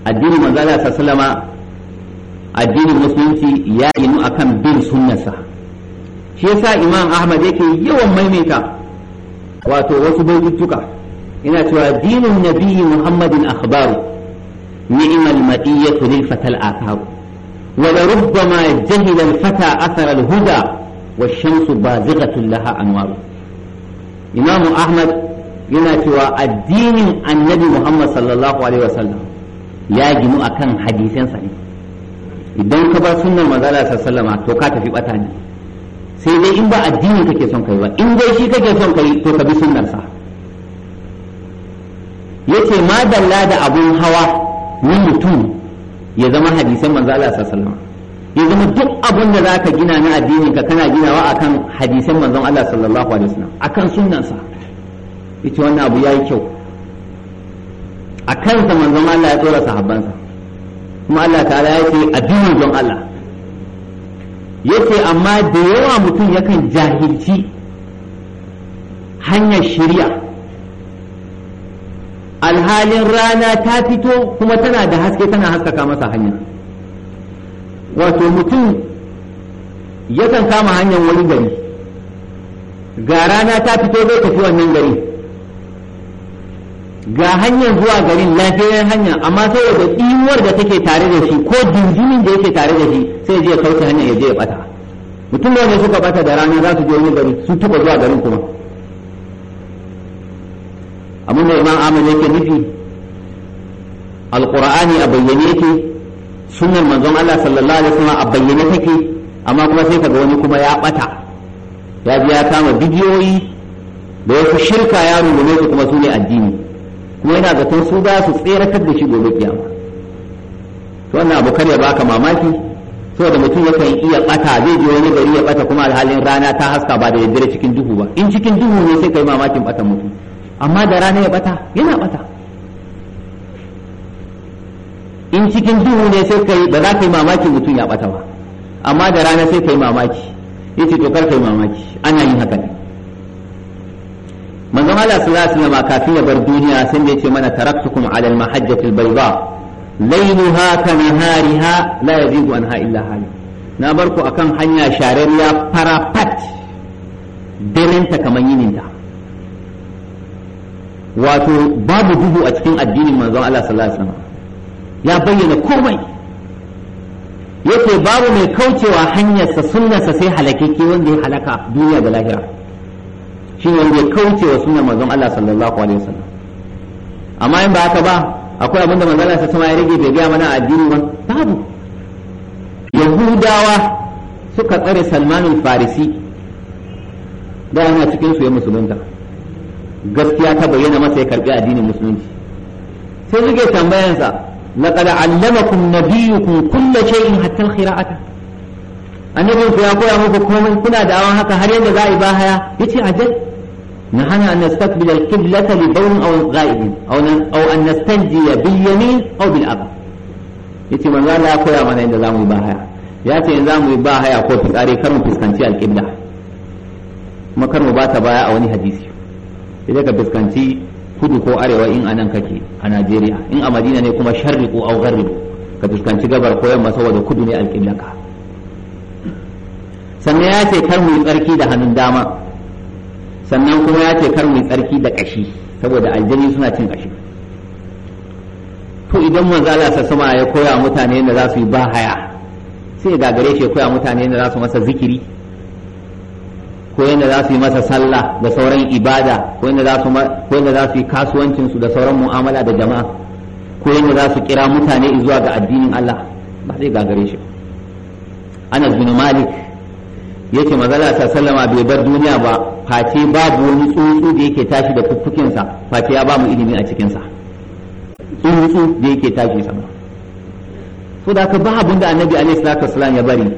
addinin manzon Allah sallama addinin musulunci ya ginu akan bin sunnarsa shi yasa imam ahmad yake yawan maimaita wato wasu baututtuka ina cewa dinin nabiyyi muhammadin akhbaru ni'mal madiyatu lil fatal akhab wa la rubbama jahila al fata athara al huda wa shamsu bazighatun laha anwar imam ahmad yana cewa addinin annabi muhammad sallallahu ya ginu akan hadisansa ne idan ka ba sunnar manzala ta sallama to ka tafi bata ne sai dai in ba addini kake son kai ba in dai shi kake son kai to ka bi sunnarsa yace ma dalla da abun hawa mun mutum ya zama hadisan manzala ta sallama ya zama duk abun da zaka gina na addini ka kana ginawa akan hadisan manzon Allah sallallahu alaihi wasallam akan sunnansa yace wannan abu yayi kyau akan sa manzon Allah ya tsora sahabbansa kuma Allah ta'ala ya ce a don Allah yace amma da yawa mutum yakan jahilci hanyar shirya alhalin rana ta fito kuma tana da haske tana haskaka masa hanya wato mutum yakan kama hanyar wani gari ga rana ta fito zai tafi wannan gari ga hanyar zuwa garin lafiyar hanya amma saboda iwar da take tare da shi ko dindinin da yake tare da shi sai je kauce hanya ya je ya bata mutum da wanda suka bata da rana za su je wani gari su tuka zuwa garin kuma amma da imam ahmad yake nufi alqur'ani a bayyane yake sunnar manzon Allah sallallahu alaihi wasallam a bayyane take amma kuma sai ga wani kuma ya bata ya ji ya kama bidiyoyi da wasu shirka ya rungume su kuma su ne addini kuma yana zaton su za su tseratar da shi gobe kiyama to wannan abu kar ya baka mamaki saboda mutum yakan iya bata zai je wani gari ya bata kuma alhalin rana ta haska ba da yaddare cikin duhu ba in cikin duhu ne sai kai mamakin bata mutum amma da rana ya bata yana bata in cikin duhu ne sai kai ba za ka yi mamakin mutum ya bata ba amma da rana sai kai mamaki yace to kar kai mamaki ana yin haka ne manzon Allah sallallahu alaihi wasallam kafin ya bar duniya sai da yace mana taraktukum ala al-mahajjatil bayda laylaha ka nahariha la yazigu anha illa hali na bar ku akan hanya shararriya farafat dalinta kamar yininta wato babu duhu a cikin addinin manzon Allah sallallahu alaihi ya bayyana komai yake babu mai kaucewa hanyarsa sunnarsa sai halakeke wanda ya halaka duniya da lahira shi ne wanda ya kauce wa sunan manzon Allah sallallahu alaihi wasallam amma in ba haka ba akwai abinda manzon Allah sallallahu ya rage bai gaya mana addini ba babu yahudawa suka tsare al farisi da yana cikin su ya musulunta gaskiya ta bayyana masa ya karbi addinin musulunci sai suke tambayansa laqad allamakum nabiyyukum kull shay'in hatta al-qira'ata annabi ku ya koya muku komai kuna da awan haka har yadda za a yi bahaya yace ajal نهانا أن نستقبل القبلة لبول أو غائب أو أو أن نستنجي باليمين أو بالأب yace manzo Allah ya koya mana inda zamu yi bahaya ya ce in zamu yi bahaya ko fitsari kar mu fuskanci alƙibla kuma kar mu bata baya a wani hadisi sai ka fuskanci kudu ko arewa in anan kake a Najeriya in a Madina ne kuma sharriqu aw gharribu ka fuskanci gabar ko yamma saboda kudu ne alƙibla ka sannan ya ce kar mu yi tsarki da hannun dama sannan kuma ya ce kar mu tsarki da kashi saboda aljani suna cin kashi to idan manzo Allah sama ya koya mutane da za su yi bahaya sai ya gagare shi ya koya mutane da za su masa zikiri ko yadda za su yi masa sallah da sauran ibada ko yadda za su ko yadda za su yi kasuwancin su da sauran mu'amala da jama'a ko yadda za su kira mutane zuwa ga addinin Allah ba zai gagare shi Anas bin Malik yace mazala ta sallama bai bar duniya ba face babu wani tsuntsu da yake tashi da fuffukinsa face ya ba mu ilimi a cikinsa tsuntsu da yake tashi sama so da ka ba abin da annabi alaihi salatu wasallam ya bari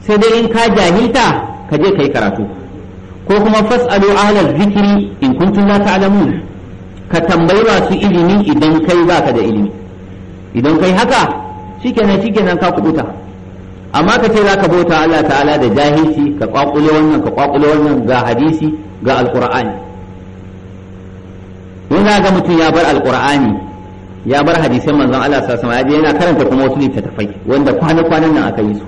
sai dai in ka jahilta ka je kai karatu ko kuma fasalu ahla zikri in kuntum la ta'lamun ka tambayi masu ilimi idan kai baka da ilimi idan kai haka shikenan shikenan ka kubuta amma ka ce zaka bauta Allah ta'ala da jahilci ka kwakulo wannan ka kwakulo wannan ga hadisi ga alqur'ani don ga mutum ya bar alqur'ani ya bar hadisan manzon Allah sallallahu alaihi wasallam yana karanta kuma wasu littattafai wanda kwana kwanan nan aka yi su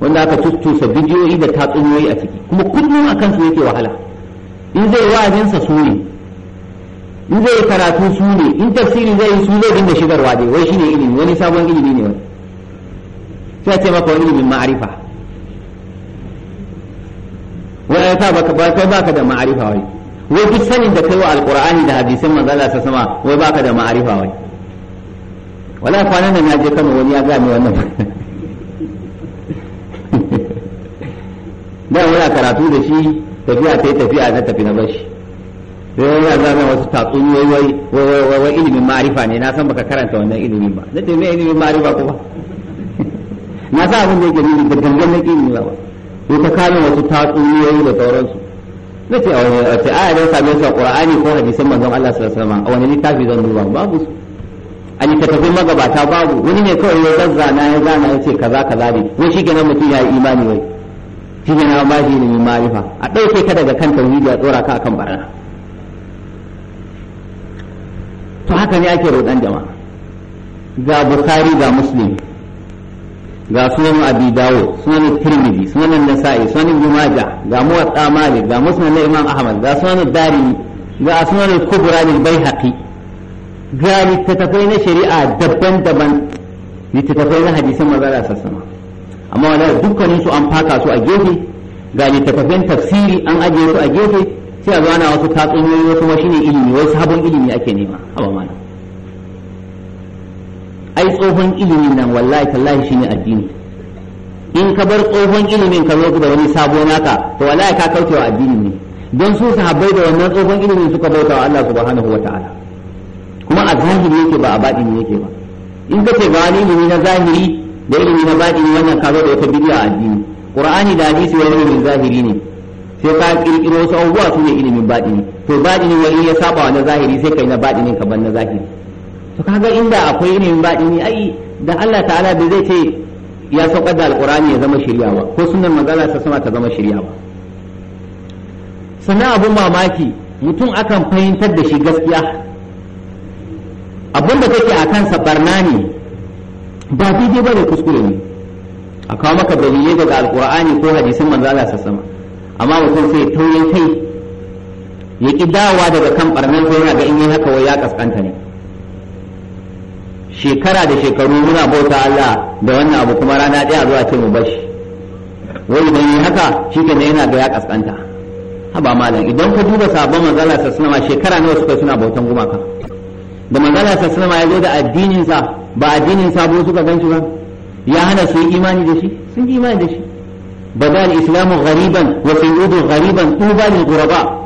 wanda aka tuttusa bidiyoyi da tatsuniyoyi a ciki kuma kullum a kansu yake wahala in zai wa'azinsa su ne in zai karatu su ne in tafsiri zai yi su zai dinga shigarwa dai wai shine ilimi wani sabon ilimi ne wani sai ce maka wani ilimin ma'arifa wani ya sa baka kai baka da ma'arifa wai wai duk sanin da kai wa alqur'ani da hadisin manzo Allah sa sama wai baka da ma'arifa wai wala kwanan nan naje Kano wani ya ga ni wannan da wani karatu da shi tafiya ta yi tafiya na tafi na bashi sai wani ya zama wasu tatsuniyoyi wai ilimin ma'arifa ne na san baka karanta wannan ilimin ba na ce me ilimin ma'arifa kuma na sa abin da yake nufi da gangan na ƙin ba ko ta kamin wasu tatsuniyoyi da sauransu na ce a wani a ce aya don same su a ko hadisan manzon Allah sallallahu alaihi wasallam a wani littafi zan duba babu su a littattafin magabata babu wani ne kawai ya na ya zana ya ce kaza kaza ne ko shi kenan mutum ya yi imani wai shi ne na ne mai marifa a ɗauke ka daga kan tauhidi a tsora ka akan barna to haka ne ake roɗan jama'a ga bukhari ga muslim ga sunan abi dawo sunan tirmidhi sunan nasa'i sunan jumaja ga muwatta malik ga musnad na imam ahmad ga sunan dari ga sunan kubra lil baihaqi ga littattafai na shari'a daban-daban littattafai na hadisan manzara sassama amma wala dukkanin su an faka su a gefe ga littattafan tafsiri an ajiye su a gefe sai a zo wasu tatsuniyoyi wasu shi shine ilimi wasu habon ilimi ake nema haba mana ai tsohon ilimin nan wallahi tallahi shine addini in ka bar tsohon ilimin ka zo da wani sabo naka to wallahi ka kaucewa addini ne don su sahabbai da wannan tsohon ilimin suka bauta wa Allah subhanahu wa ta'ala kuma a zahiri yake ba a baɗini yake ba in ka ce ba wani ilimi na zahiri da ilimi na baɗini wannan ka zo da wata bidiya a addini qur'ani da hadisi wani ilimin zahiri ne sai ka kirkiro wasu abubuwa su ne ilimin baɗini to baɗini wani ya saba wa na zahiri sai kai na baɗinin ka ban na zahiri to kaga inda akwai yanayin baɗi ne ai da Allah ta'ala bai zai ce ya saukar da alqur'ani ya zama shirya ba ko sunan magana ta sama ta zama shirya ba sannan abun mamaki mutum akan fahimtar da shi gaskiya abun da kake a kansa barna ne ba daidai ba da kuskure ne a kawo maka dalilai daga alkur'ani ko hadisin manzo Allah sama amma mutum sai taurin kai ya ki dawa daga kan barnan sai yana ga in yi haka wai ya kaskanta ne shekara da shekaru muna bauta Allah da wannan abu kuma rana ɗaya zuwa ce mu bashi wai idan yi haka shi ne yana ga ya kaskanta haba malam idan ka duba sabon manzala sassanama shekara nawa suka suna bautan gumaka da manzala sassanama ya zo da addininsa ba addinin sabo suka gan shi ba ya hana su yi imani da shi sun yi imani da shi badal islamu ghariban wa sayyidu ghariban tuba lil ghuraba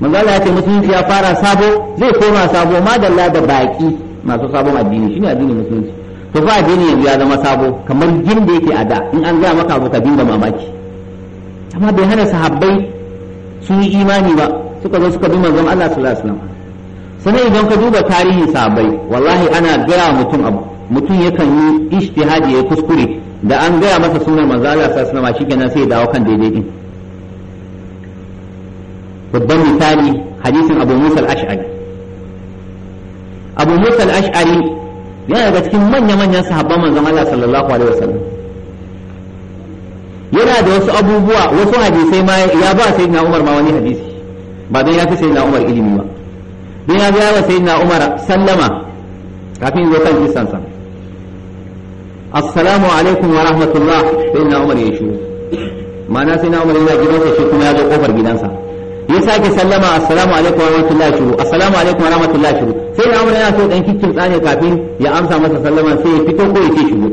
manzala ya ce musulunci ya fara sabo zai koma sabo madalla da baki masu sabon addini shine addinin musulunci to fa addini yanzu ya zama sabo kamar jin da yake a da in an gaya maka abu ka dinga mamaki amma bai hana sahabbai su yi imani ba suka zo suka bi manzon Allah sallallahu alaihi wasallam idan ka duba tarihin sahabbai wallahi ana gaya mutum abu mutum yakan yi ijtihadi ya kuskure da an gaya masa sunan manzon Allah sallallahu alaihi wasallam shikenan sai ya dawo kan daidai din babban misali hadisin Abu Musa al-Ash'ari abu musa al-ash'ari yana daga cikin manya-manyan sahabban manzon Allah sallallahu alaihi wasallam yana da wasu abubuwa wasu hadisai ma ya ba sai na umar ma wani hadisi ba don ya fi sai na umar ilimi ba don ya ga wa sai na umar sallama kafin zo kan kisansa assalamu alaikum wa rahmatullah sai na umar ya shiru ma'ana sai na umar yana gidansa shi kuma ya zo kofar gidansa ya sake sallama assalamu alaikum wa shiru assalamu alaikum wa shiru sai ya amur yana so dan kicin tsane kafin ya amsa masa sallama sai ya fito ko ya ce shigo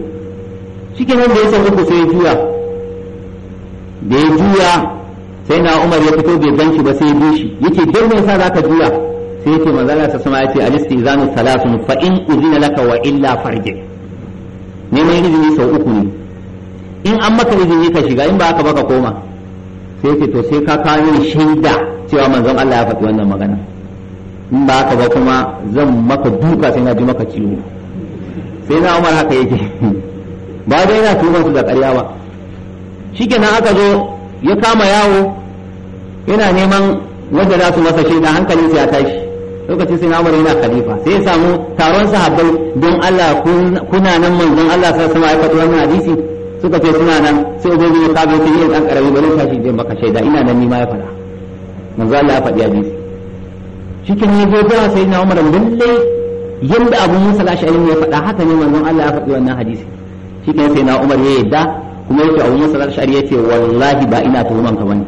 shikenan da ya san uku sai ya juya da ya juya sai na umar ya fito bai ganshi ba sai ya bi shi yace dan me yasa zaka juya sai yace manzo Allah ta sama yace al-istizanu thalathun fa in uzina laka wa illa farji neman izini sau uku ne in an maka izini ka shiga in ba haka ba ka koma sai ce to sai ka kawo shaida cewa manzon Allah ya faɗi wannan magana in ba haka ba kuma zan maka duka sai na ji maka ciwo sai na umar haka yake ba dai yana tuban su da ƙarya ba shikenan aka zo ya kama yawo yana neman wanda za su masa shaida hankali sai ya tashi lokacin sai na umar yana khalifa sai ya samu taron sahabbai don Allah kuna nan manzon Allah sallallahu alaihi wasallam ya faɗi wannan hadisi suka ce suna nan sai ubangiji ya kabe ta yin dan karami bane tashi zai maka shaida ina nan ni ma ya fada manzo Allah ya faɗi hadisi cikin ne zo da sai na Umar lalle yanda Abu Musa al-Ash'ari ya faɗa haka ne manzon Allah ya faɗi wannan hadisi cikin sai na Umar ya yadda kuma yake Abu Musa al-Ash'ari yace wallahi ba ina tuhuman ka bane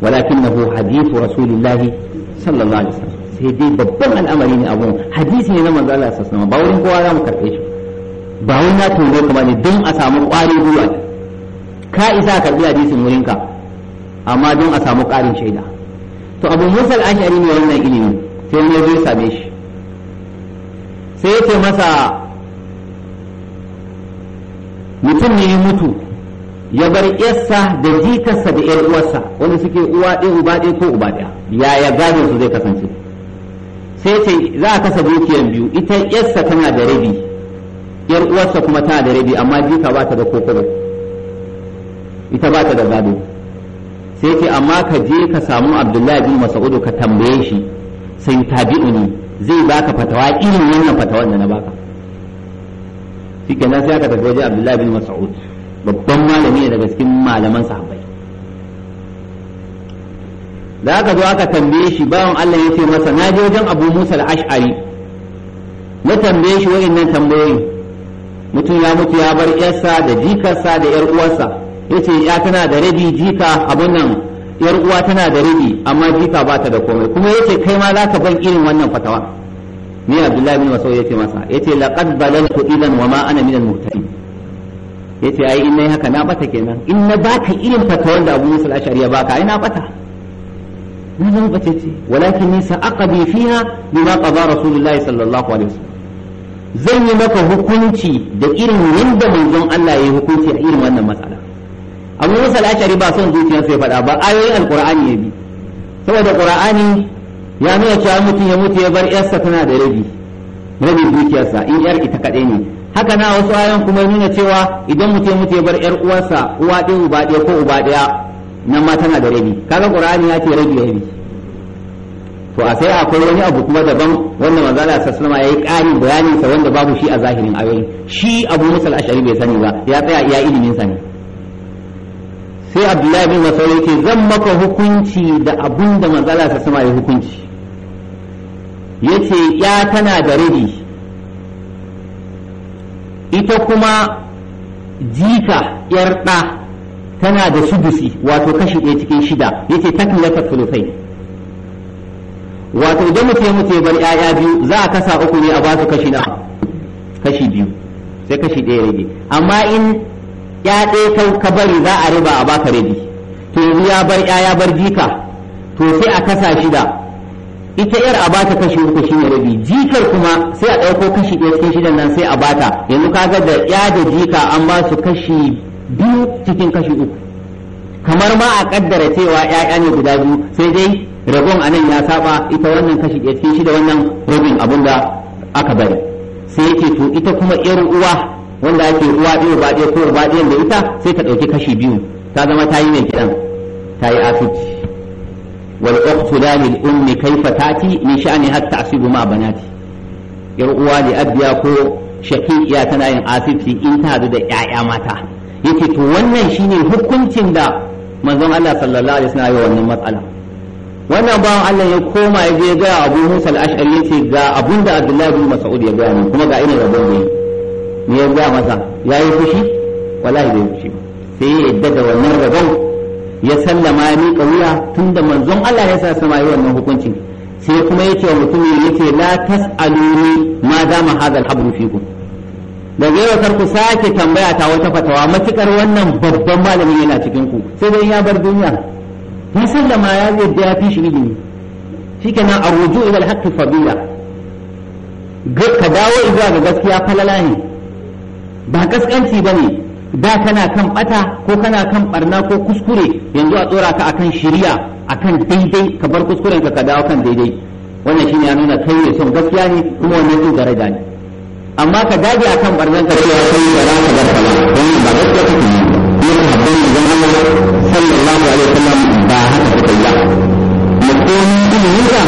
walakinahu hadithu rasulillahi sallallahu alaihi wasallam sai dai babban al'amari ne abun hadisi ne na manzo Allah sallallahu alaihi wasallam ba wurin kowa za mu karbe shi ba wani na turo ka bane don a samu ƙwarin gwiwa ka isa karɓi hadisin wurinka amma don a samu ƙarin shaida to abu an shari ne wannan ilimi sai ne zai same shi sai ce masa mutum ne ya mutu ya bar yarsa da jikarsa da yar uwarsa wanda suke uwa ɗaya uba ɗaya ko uba ɗaya yaya gadon su zai kasance sai ce za a kasa dukiyan biyu ita yarsa tana da rabi yar uwarsa kuma tana da rabi amma jika ba ta da ba ita ba ta da gado sai ce amma ka je ka samu abdullahi bin mas'ud ka tambaye shi sai tabi'uni zai baka fatawa irin wannan fatawar da na baka shikenan sai aka tafi wajen abdullahi bin mas'ud babban malami ne daga cikin malaman sahabbai da aka zo aka tambaye shi bawan Allah ya ce masa na je wajen Abu Musa al-Ash'ari na tambaye shi wa'annan tambayoyi mutum ya mutu ya bar yarsa da jikarsa da yar uwarsa yace ya tana da rabi jika abun nan yar uwa tana da rabi amma jika ba ta da komai kuma yace kai ma zaka ban irin wannan fatawa ni Abdullahi bin Mas'ud yace masa yace laqad balaltu idan wa ma ana min al-muhtadin yace ai in nayi haka na bata kenan in na baka irin fatawar da Abu Musa al-Ash'ari ya baka ai na bata na zama bace ce walakin ni sa'aqabi fiha bima qada Rasulullahi sallallahu alaihi wasallam zan yi maka hukunci da irin yadda manzon Allah ya yi hukunci a irin wannan matsala abu musa al'ashari ba son zuciyarsa ya faɗa ba ayoyin alkur'ani ya bi saboda qur'ani ya nuna cewa mutum ya mutu ya bar yarsa tana da rabi rabin dukiyarsa in yar ita kaɗai ne haka na wasu ayoyin kuma nuna cewa idan mutum ya mutu ya bar yar uwarsa uwa ɗaya uba ɗaya ko uba ɗaya nan ma tana da rabi kaga qur'ani ya ce rabi rabi to a sai akwai wani abu kuma daban wanda manzo Allah sallallahu alaihi yayi ƙarin bayanin sa wanda babu shi a zahirin ayoyi shi Abu Musa al-Ash'ari bai sani ba ya tsaya iya ilimin sa ne sai Abdullahi bin Mas'ud yake zan maka hukunci da abun da manzo Allah sallallahu alaihi hukunci yace ya tana da rabi ita kuma jika yar ɗa tana da sudusi wato kashi ɗaya cikin shida yace takmilatul thuluthain wato idan mutum ya mutu ya bar ƴaƴa biyu za a kasa uku ne a ba su kashi na kashi biyu sai kashi ɗaya rage amma in ya ɗaya ka bari za a riba a baka rabi to yanzu ya bar ƴaƴa bar jika to sai a kasa shida ita yar a bata kashi uku shi ne rabi jikar kuma sai a ɗauko kashi ɗaya cikin shidan nan sai a bata yanzu kaga da ƴa da jika an ba su kashi biyu cikin kashi uku kamar ma a kaddara cewa ƴaƴa ne guda biyu sai dai ragon a nan ya saba ita wannan kashi ya ce shi da wannan rabin abin da aka bari sai yake to ita kuma yar uwa wanda ake uwa ɗaya ba ɗaya ko ba ɗaya da ita sai ta ɗauki kashi biyu ta zama ta yi mai kiɗan ta yi asibiti wal ukhtu la lil ummi kayfa tati min sha'ni hatta asibu ma banati yar uwa li abiya ko shaqiqiya tana yin asibiti in ta da 'ya'ya mata yake to wannan shine hukuncin da manzon Allah sallallahu alaihi wasallam ya wannan matsala wannan bawan Allah ya koma ya je ga Abu Musa al-Ash'ari yace ga abinda Abdullahi bin Mas'ud ya gaya ni kuma ga irin rabon ne ya ga masa yayi fushi wallahi bai fushi sai ya yadda wannan rabon ya sallama ya miƙa wuya tunda manzon Allah ya sa sama yi wannan hukuncin sai kuma yake wa mutum yace la tas'aluni ma dama hadha al-habru fikum da zai karku sake tambaya ta wata fatawa matukar wannan babban malamin yana cikin ku sai dai ya bar duniya ya sallama ya yadda ya fi shi ilimi shikenan a ruju ila alhaqqi fadila ka dawo zuwa ga gaskiya falala ne ba kaskanci bane da kana kan bata ko kana kan barna ko kuskure yanzu a tsora ka akan shiriya akan daidai ka bar kuskuren ka ka dawo kan daidai wannan shine ya nuna kai ne son gaskiya ne kuma wannan din daraja ne amma ka dage akan barnan ka cewa kai ba ka bar falala wannan ba gaskiya kake yi na sahabbai idan Allah sallallahu alaihi wasallam ba haka suka yi ba mutum ilimin ka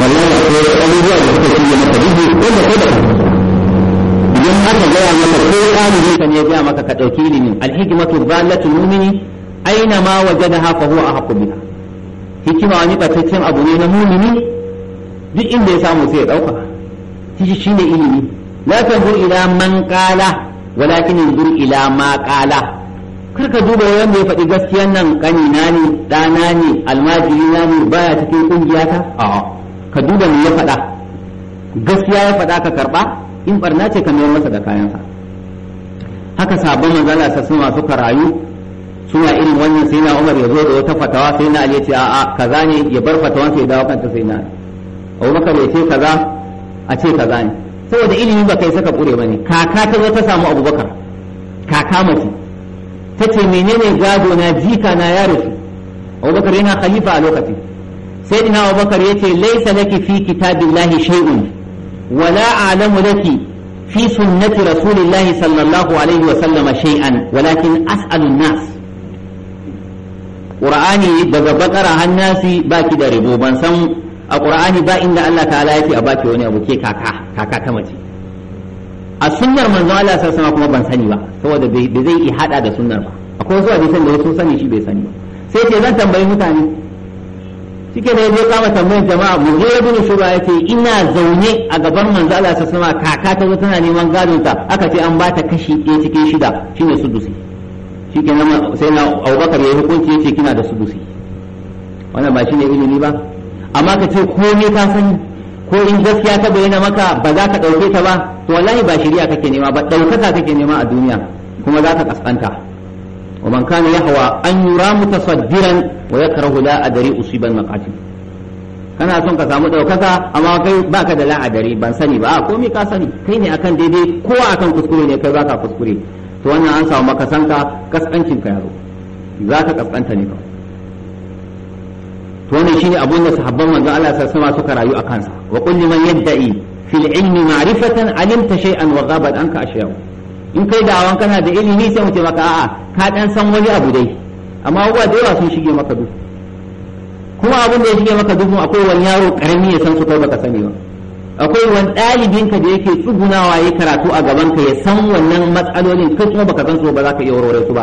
wallahi akwai abubuwa da suka shirya maka duhu wanda ko da idan aka gaya maka ko ɗalibin ka ne ya gaya maka ka ɗauki ilimin alhikmatu dhallatu mu'mini aina ma wajadaha fa huwa ahqqu biha hikima wani cin abu ne na mu'mini duk inda ya samu sai ya ɗauka shi ne ilimi la tanzur ila man qala walakin yanzur ila ma qala kar ka duba wanda ya faɗi gaskiyan nan ƙanina ne ɗana ne na ne baya cikin ƙungiya ta ka duba mai ya faɗa gaskiya ya faɗa ka karɓa in barna ce ka mayar masa da kayansa haka sabon manzala sa suna suka rayu suna irin wannan sai na umar ya zo da wata fatawa sai na ali ce a'a kaza ne ya bar fatawan sai ya dawo kanta sai na abubakar ya ce kaza a ce kaza ne saboda ilimi ba kai saka kure ba ne kaka ta zo ta samu abubakar kaka mace ce menene gado na jika na ya rufe Abubakar yana khalifa a lokaci sai ina Abubakar yace laysa laki fi kitabillahi shay'un wala a'lamu laki fi sunnati rasulillahi sallallahu alaihi wa sallama shay'an walakin as'alun nas Qur'ani daga bakara hannasi baki da ribo ban san a Qur'ani ba inda Allah ta'ala yace a baki wani abu ke kaka kaka ta mace a sunnar manzo Allah sai kuma ban sani ba saboda bai zai iya hada da sunnar ba akwai wasu hadisan da wasu sani shi bai sani ba sai ce zan tambayi mutane cike ne zai kama tambayar jama'a mu bin shura yace ina zaune a gaban manzo Allah alaihi wasallam kaka ta zo tana neman gadon ta aka ce an ba ta kashi ɗaya cikin shida shine sudusi shike nan sai na Abubakar yayi hukunci yace kina da sudusi wannan ba shine ilimi ba amma ka ce ne ka sani ko in gaskiya ta bayyana maka ba za ka ɗauke ta ba to wallahi ba shari'a kake nema ba ɗaukaka kake nema a duniya kuma za ka kaskanta wa man kana yahwa an yura mutasaddiran wa yakrahu la adari usiban maqatil kana son ka samu ɗaukaka amma kai baka da la'adari ban sani ba ko me ka sani kai ne akan daidai ko akan kuskure ne kai baka kuskure to wannan an samu sanka kaskancin ka yaro za ka kaskanta ne kawai to wannan shine abun da sahabban manzo Allah sallallahu alaihi suka rayu a kansa wa kulli man yadda'i fil ilmi ma'rifatan alimta shay'an wa ghabat anka ashya'u in kai da'awan kana da ilimi sai mu ce maka a'a ka dan san wani abu dai amma abubuwa da yawa sun shige maka duk kuma abin da ya shige maka duk akwai wani yaro karami ya san su kai baka sani ba akwai wani ɗalibinka da yake tsugunawa ya karatu a gaban ka ya san wannan matsalolin kai kuma baka san su ba za ka iya warware su ba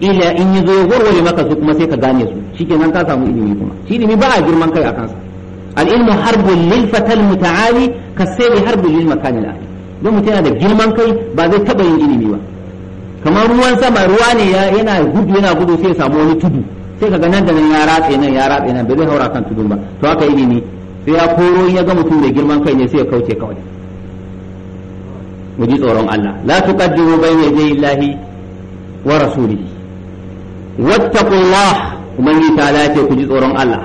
ila in yi zo ya warware maka su kuma sai ka gane su shikenan ka samu ilimi kuma shi ilimi ba a girman kai a kansa al-ilmu harbun lil fatal muta'ali ka sai harbun lil makanil ali don mutum yana da girman kai ba zai taba yin ilimi ba kamar ruwan sama ruwa ne yana gudu yana gudu sai ya samu wani tudu sai ga nan da nan ya ratse nan ya ratse nan bai zai haura kan tudun ba to haka ilimi sai ya koro in ya ga mutum da girman kai ne sai ya kauce kawai mu ji tsoron Allah la tuqaddiru bayna yadayi llahi wa rasulihi wattaqullah ubangiji ta ce ku ji tsoron Allah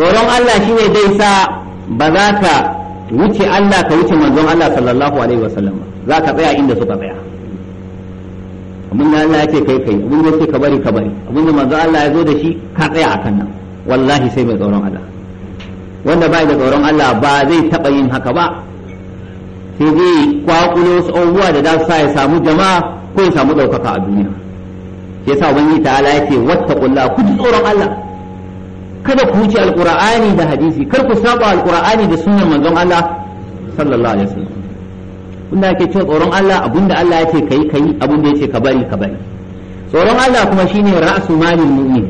tsoron Allah shine dai sa ba za ka wuce Allah ka wuce manzon Allah sallallahu alaihi wasallam za ka tsaya inda suka tsaya abin da Allah ya ce kai kai abin da ya ce ka bari ka bari abin da manzon Allah ya zo da shi ka tsaya a kan nan wallahi sai mai tsoron Allah wanda bai da tsoron Allah ba zai taba yin haka ba sai zai kwakulo wasu abubuwa da za su sa ya samu jama'a ko ya samu ɗaukaka a duniya yasa ubangiji ta'ala yace wattaqullaha ku ji tsoron Allah kada ku wuce alqur'ani da hadisi kar ku saba alqur'ani da sunnar manzon Allah sallallahu alaihi wasallam Kuna ake cewa tsoron Allah abinda Allah yace kai kai abinda yace ka bari ka bari tsoron Allah kuma shine ra'su malil mu'min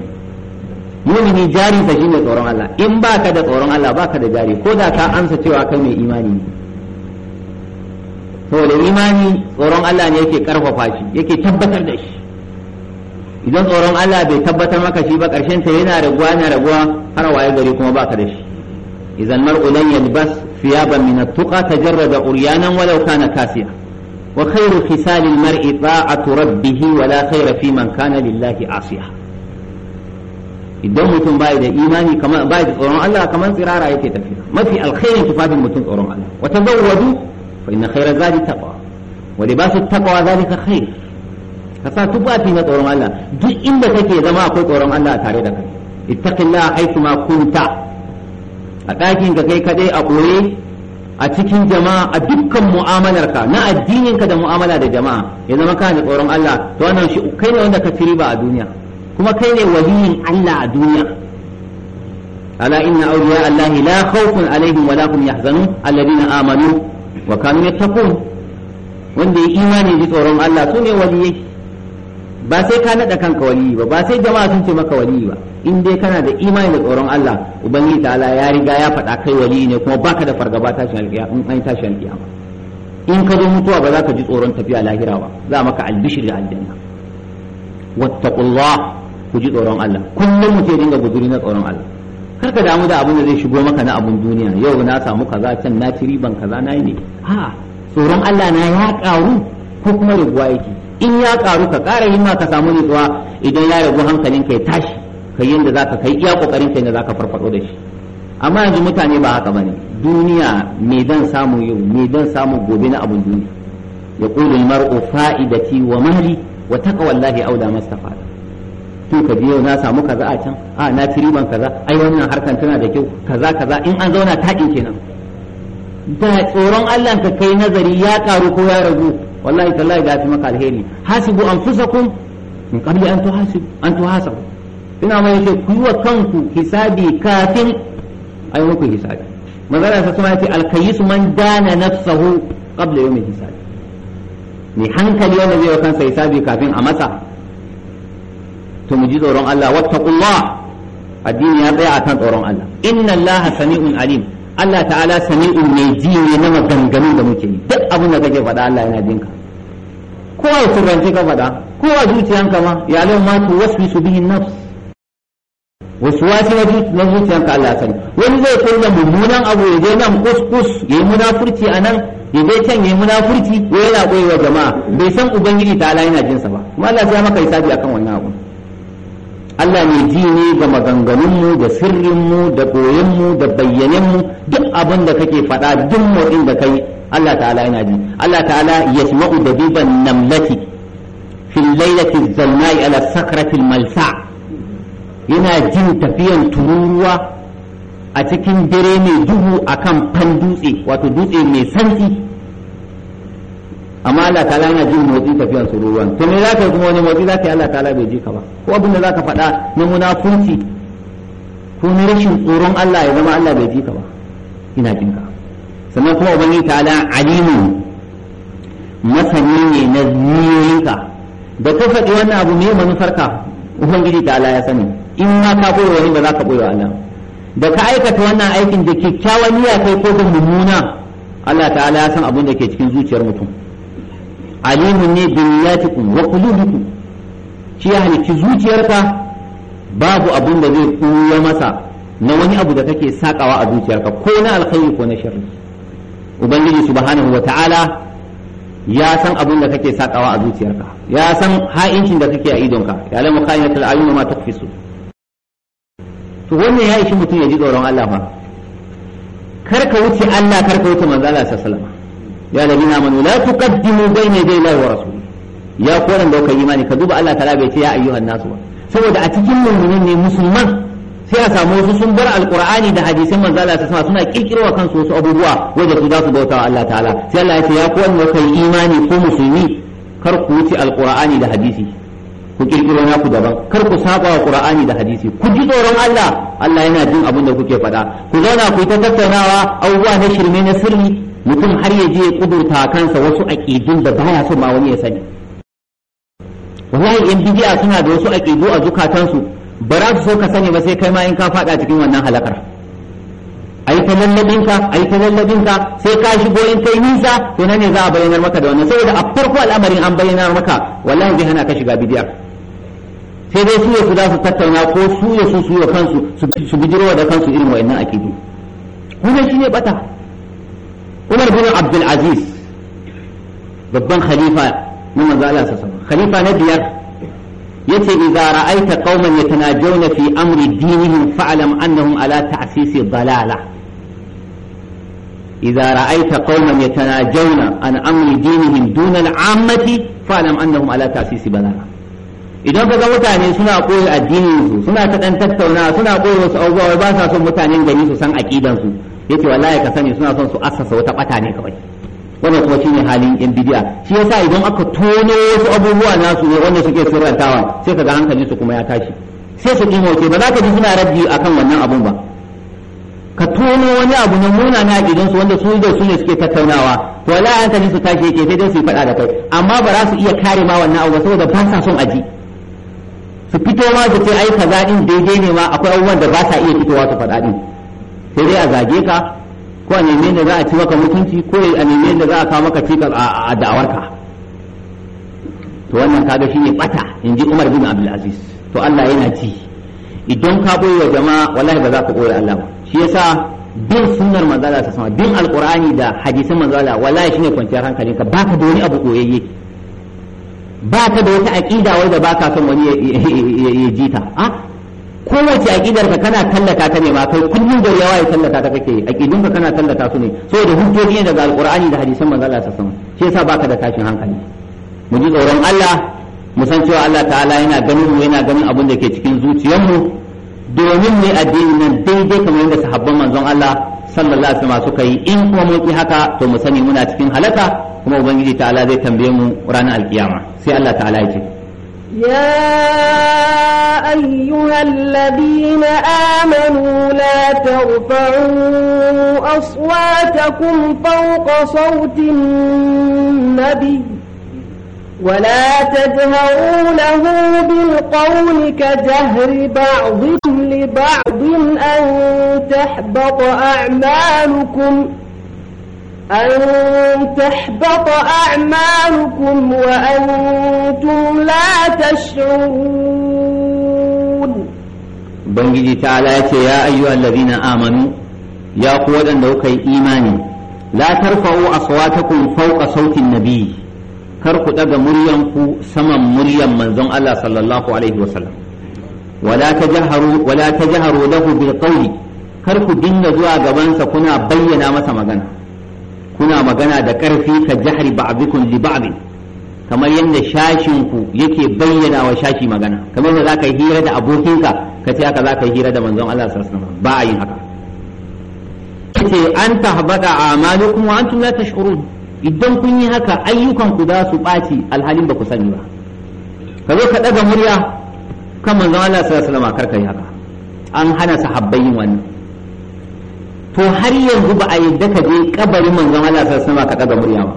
mu'mini jari sa shine tsoron Allah in baka da tsoron Allah baka da jari ko da ka amsa cewa kai mai imani ne saboda imani tsoron Allah ne yake karfafa shi yake tabbatar da shi idan tsoron Allah bai tabbatar maka shi ba ƙarshen ta yana raguwa yana raguwa har waye gari kuma baka da shi idan mar'u lan yalbas thiyaban min at-tuqa tajarrada uryanan walau kana kasiya wa khairu khisal al-mar'i ta'atu rabbih wa la khaira fi man kana lillahi asiya idan mutum bai da imani kamar bai da tsoron Allah kamar tsirara yake tafiya mafi alkhairin tufafin mutum tsoron Allah wa tazawwadu fa inna khaira zadi taqwa wa libasu taqwa zalika khair ka sa tufafi na tsoron Allah duk inda kake zama akwai tsoron Allah a tare da kai ittaqillaha haythu ma kunta a ɗakin ka kai kadai a ɓoye a cikin jama'a a dukkan mu'amalarka na addininka da mu'amala da jama'a ya zama kana tsoron Allah to wannan shi kai ne wanda ka ci riba a duniya kuma kai ne waliyin Allah a duniya ala inna awliya Allah la khawfun alaihim wa la hum yahzanun alladhina amanu wa kanu yattaqun wanda ya imani ji tsoron Allah sune waliyai ba sai ka naɗa kanka waliyi ba ba sai jama'a sun ce maka waliyi ba in dai kana da imani da tsoron Allah ubangiji ta'ala ya riga ya faɗa kai waliyi ne kuma baka da fargaba shi alƙiya in tashin ba in ka zo mutuwa ba za ka ji tsoron tafiya lahira ba za maka albishir da aljanna wattaqullah ku ji tsoron Allah kullum mu ce dinga guduri na tsoron Allah kar ka damu da abin da zai shigo maka na abun duniya yau na samu kaza can na ci riban kaza na yi ne ha tsoron Allah na ya karu ko kuma rabuwa yake in ya karu ka kara himma ka samu nutsuwa idan ya ragu hankalin ka ya tashi kai yanda zaka kai iya kokarin ka da zaka farfado da shi amma yanzu mutane ba haka bane duniya me dan samu yau me dan samu gobe na abun duniya ya al-mar'u fa'idati wa mali wa taqwallahi aula mastafa to ka yau na samu kaza a can a na ci riban kaza ai wannan harkan tana da kyau kaza kaza in an zauna takin kenan da tsoron Allah ka kai nazari ya karu ko ya ragu wallahi tallahi ga fi maka alheri hasibu anfusakum min qabli an tuhasibu an tuhasabu ina mai yake ku wa kanku hisabi kafin ai muku hisabi magana ta kuma yace alkayis man dana nafsahu qabla yawmi hisabi ni hankali wanda zai kansa hisabi kafin a masa to mu ji tsoron Allah wattaqullah addini ya tsaya akan tsoron Allah inna Allah sami'un alim Allah ta'ala sami'in mai ji ne na maganganu da muke yi duk abin da kake faɗa Allah yana jinka ko a turanci ka faɗa ko a zuciyanka ma ya lau ma tu waswisu bihi nafs wasu wasu na zuciyanka Allah sani wani zai kulla mummunan abu ya je nan kuskus ya yi munafurci a nan ya je can ya yi munafurci ya yana koyi wa jama'a bai san ubangiji ta'ala yana jinsa ba kuma Allah sai ya maka hisabi akan wannan abu Allah mai ji ne ga maganganunmu da sirrinmu da ɓoyinmu da bayyanenmu duk abin da kake faɗa duk motsin da kai Allah ta'ala yana ji Allah ta'ala yasma'u dabiban namlati fil lailati zalmai ala sakratil malsa yana jin tafiyan tururuwa a cikin dare mai duhu akan fan dutse wato dutse mai santi amma Allah ta'ala yana jin motsi tafiyan su ruwan to me zaka kuma wani motsi zaka yi Allah ta'ala bai ji ka ba ko abin da zaka faɗa na munafunci ko na rashin tsoron Allah ya zama Allah bai ji ka ba ina jin ka sannan kuma ubangi ta'ala alimu masani ne na niyoyinka da ka faɗi wannan abu me manufarka ubangiji ta'ala ya sani in ma ka koyo wani ba za ka koyo Allah da ka aikata wannan aikin da kyakkyawan niyya kai ko da mummuna Allah ta'ala ya san abin da ke cikin zuciyar mutum alimun ne ya binniyatikum wa kulubiku shi ya halicci zuciyarka babu abin da zai kuya masa na wani abu da kake sakawa a zuciyarka ko na alkhairi ko na sharri ubangiji subhanahu wa ta'ala ya san abin da kake sakawa a zuciyarka ya san ha'incin da kake a idonka ya lamu khayyat al-ayun ma tukfisu to wannan ya ishi mutum ya ji tsoron Allah fa kar ka wuce Allah kar ka wuce manzo Allah sallallahu alaihi wasallam ya ladina amanu la tuqaddimu bayna yaday Allahi wa rasuli ya koran da kai imani ka duba Allah ta'ala bai ce ya nasu ba saboda a cikin mu'minin ne musulman sai a samu wasu sun bar alkur'ani da hadisin manzo Allah ta sama suna kirkirwa kansu wasu abubuwa wanda su za su bauta wa Allah ta'ala sai Allah ya ce ya koran da kai imani ko musulmi kar ku wuce alqur'ani da hadisi ku kirkiro naku daban kar ku saba wa qur'ani da hadisi ku ji tsoron Allah Allah yana jin abin da kuke faɗa ku zauna ku yi ta tattaunawa abubuwa na shirme na sirri mutum har ya je ya kudurta kansa wasu aƙidun da baya so ma wani ya sani wallahi in bidiya suna da wasu aƙidu a zukatansu ba za su so ka sani ba sai kai ma in ka faɗa cikin wannan halakar ai yi ta lallabinka ai ta lallabinka sai ka shigo in kai nisa to nan ne za a bayyanar maka da wannan saboda a farko al'amarin an bayyanar maka wallahi zai hana ka shiga bidiya sai dai su su za su tattauna ko su ya su su kansu su bijirwa da kansu irin wa'annan akidu wannan ne bata عمر بن عبد العزيز ببن خليفة من ماذا الله خليفة نبيك يتي إذا رأيت قوما يتناجون في أمر دينهم فاعلم أنهم على تاسيس ضلالة إذا رأيت قوما يتناجون عن أمر دينهم دون العامة فاعلم أنهم على تاسيس ضلالة idan ka ga mutane suna koyo addinin su suna ta dan tattauna suna koyo su abubuwa ba sa son mutanen gani su san aqidan su yake wallahi ka sani suna son su assasa wata bata ne kawai wannan kuma shine halin yan bidiya shi yasa idan aka tono wasu abubuwa nasu ne wanda suke sirrantawa sai kaga hankalin su kuma ya tashi sai su kimauce ba za ka ji suna rabbi akan wannan abun ba ka tono wani abu na muna na gidan su wanda su da su ne suke tattaunawa to wallahi hankalin su tashi yake sai dai su faɗa da kai amma ba za su iya kare ma wannan abu saboda ba sa son aji su fito ma su ce ai kaza daidai ne ma akwai abubuwan da ba sa iya fitowa su faɗa din sai dai a zage ka ko a neme da za a ci maka mutunci ko a neme da za a kawo maka cikar a da'awarka to wannan kaga ne bata in ji Umar bin Abdul Aziz to Allah yana ci idan ka boye wa jama'a wallahi ba za ka boye Allah ba shi yasa bin sunnar manzo ta sama bin alkur'ani da hadisin manzo Allah wallahi shine kwanciyar hankalinka baka da wani abu koyayye baka da wata aqida wanda baka son wani ya jita ah, kowace aƙidar ka kana tallata ta ne ma kai kullum da yawa ya tallata ta kake aƙidin ka kana tallata su ne saboda hujjoji ne daga alƙur'ani da hadisan manzo Allah sallallahu alaihi wasallam shi yasa baka da tashin hankali mu ji tsoron Allah mu san cewa Allah ta'ala yana ganin mu yana ganin abin da ke cikin zuciyarmu domin ne addini nan daidai kamar yadda sahabban manzon Allah sallallahu alaihi wasallam suka yi in kuma mun yi haka to mu sani muna cikin halaka kuma ubangiji ta'ala zai tambaye mu ranar alkiyama sai Allah ta'ala ya ce يا أيها الذين آمنوا لا ترفعوا أصواتكم فوق صوت النبي ولا تجهروا له بالقول كجهر بعضكم لبعض أن تحبط أعمالكم أن تحبط أعمالكم وأنتم لا تشعرون بنجي تعالى يا أيها الذين آمنوا يا قوة أنك إيماني لا ترفعوا أصواتكم فوق صوت النبي كركو مريم فو سما مريم من زم الله صلى الله عليه وسلم ولا تجهروا ولا تجهروا له بالقول كرق دين زوا غبانسا كنا بينا مسا magana da ƙarfi ka jahri ba'dikum li ba'd kamar yadda shashin ku yake bayyana wa shashi magana kamar yadda zaka yi hira da abokinka ka ce haka zaka yi hira da manzon Allah sallallahu alaihi wasallam ba a yin haka ce an tahbada amalukum wa antum la tash'urun idan kun yi haka ayyukan ku za su ɓaci alhalin ba ku sani ba ka zo ka ɗaga murya kan manzon Allah sallallahu alaihi wasallam karka yi haka an hana sahabbai yin wannan to har yanzu ba a yadda ka je kabarin manzon Allah sallallahu alaihi ka daga murya ba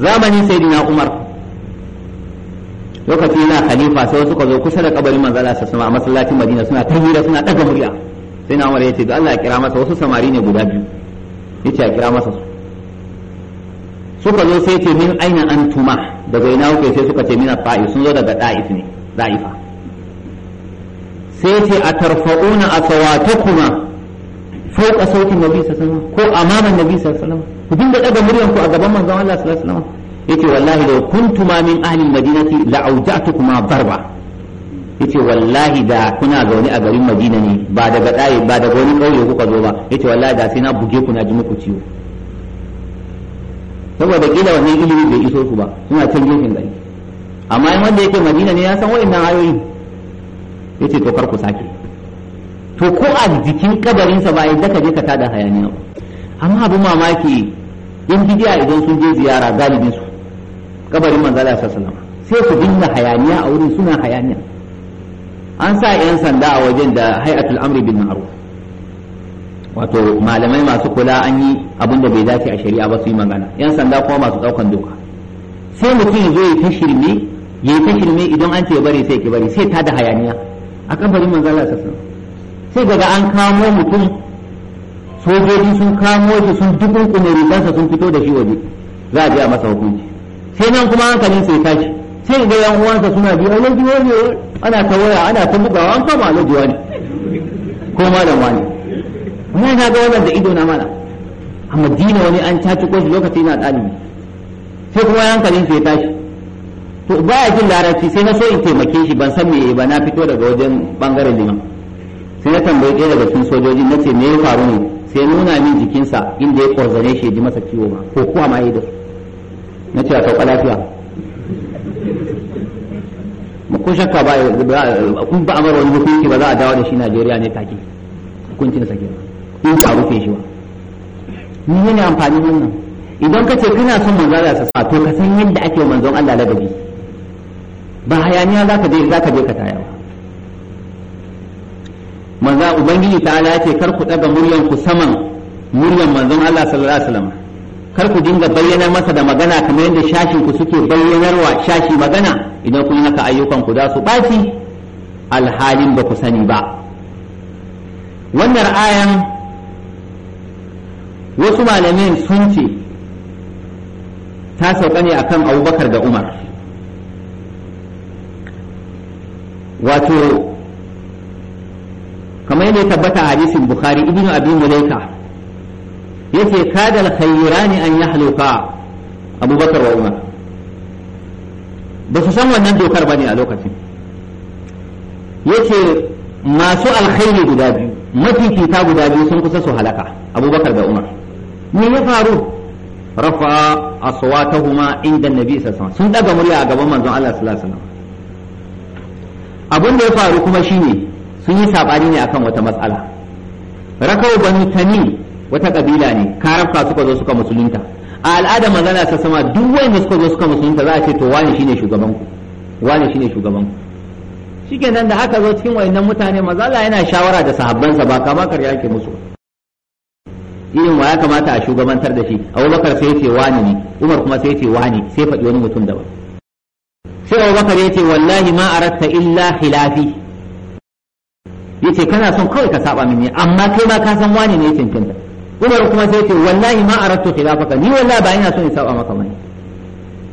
zamanin sayyidina Umar lokaci yana khalifa sai wasu ka zo kusa da kabarin manzon Allah sallallahu alaihi a masallacin Madina suna ta hira suna daga murya sai na Umar yace da Allah ya kira masa wasu samari ne guda biyu yace ya kira masa su suka zo sai ce min aina antuma daga ina kuke sai suka ce mina fa'i sun zo daga da'if ne da'ifa sai ce a tarfa'una asawatakum fauka sautin nabi sallallahu alaihi ko amaman nabi sallallahu alaihi wasallam ku dinga daga muryan ku a gaban manzon Allah sallallahu alaihi wasallam yace wallahi law kuntuma min ahli almadinati la awja'tukuma barba yace wallahi da kuna zaune a garin Madina ne ba daga dai ba daga wani kauye kuka zo ba yace wallahi da sai na buge ku na ji muku ciwo saboda kila wannan ilimi bai iso su ba suna can gefen gari amma in wanda ya ke Madina ne ya san na ayoyi yace to kar ku sake to ko a jikin kabarinsa ba yadda ka je ka tada hayaniya amma abin mamaki yan bidiya idan sun je ziyara galibin su kabarin manzala sallallahu sai su dinga hayaniya a wurin suna hayaniya an sa yan sanda a wajen da hay'atul amri bin ma'ruf wato malamai masu kula an yi abin da bai dace a shari'a ba su yi magana yan sanda kuma masu daukan doka sai mutum ya zo ya ta shirme ya ta shirme idan an ce bari sai ki bari sai ta da hayaniya a kabarin manzala ya sallallahu sai daga an kamo mutum sojoji sun kamo shi sun dukkan kuma rigarsa sun fito da shi waje za a biya a masa hukunci sai nan kuma hankalin sai tashi sai ga yan uwansa suna biyu alaji wani ana ta waya ana ta bugawa an kama alaji wani ko malam wani kuma na ga wannan da ido na mana a madina wani an caci ko lokaci na ɗalibi sai kuma hankalin sai tashi to ba ya jin larabci sai na so in taimake shi ban san me ba na fito daga wajen bangaren liman sai ya tambayi ɗaya daga cikin sojoji na ce me ya faru ne sai nuna min jikinsa inda ya kwarzane shi ya ji masa ciwo ba. ko kuwa ma yi da na ce a sauka lafiya kun shakka ba kun ba mara wani hukunci ba za a dawo da shi Najeriya ne take hukunci sa sake in ba a rufe shi ba ni yana amfani wannan idan ka ce kana son manzo Allah sa to ka san yadda ake manzon Allah ladabi ba hayaniya zaka je zaka je ka tayawa maza ubangiji ta ala ce kar ku daga muryan ku saman muryan manzon Allah sallallahu alaihi wasallam kar ku dinga bayyana masa da magana kamar yadda shashin ku suke bayyanarwa shashi magana idan kun haka ayyukan ku za su baci alhalin ba ku sani ba wannan ayan wasu malamin sun ce ta sauka ne akan abubakar da umar wato kamar yadda ya tabbata a hadisin bukhari ibnu abi mulaika yace kada al-khayrani an yahluka abubakar wa umar ba su san wannan dokar bane a lokacin yace masu alkhairi guda biyu mafifita guda biyu sun kusa su halaka abubakar da umar me ya faru rafa aswatahuma inda nabi sallallahu alaihi sun daga murya a gaban manzon Allah sallallahu alaihi wasallam abin da ya faru kuma shine sun yi saɓani ne akan wata matsala rakau bani tani wata kabila ne karafa suka zo suka musulunta a al'ada magana ta sama duk wanda suka zo suka musulunta za a ce to wani shine shugaban ku wani shine shugaban ku shikenan da haka zo cikin wayannan mutane mazala yana shawara da sahabbansa ba kama karya yake musu irin wa ya kamata a shugabantar da shi abubakar sai ce wani ne umar kuma sai ce wani sai faɗi wani mutum daban sai abubakar ya ce wallahi ma aratta illa khilafi yace kana son kawai ka saba mini amma kai ma ka san wani ne ya cancanta Umar kuma sai yace wallahi ma aradtu khilafaka ni wallahi ba ina son in saba maka bane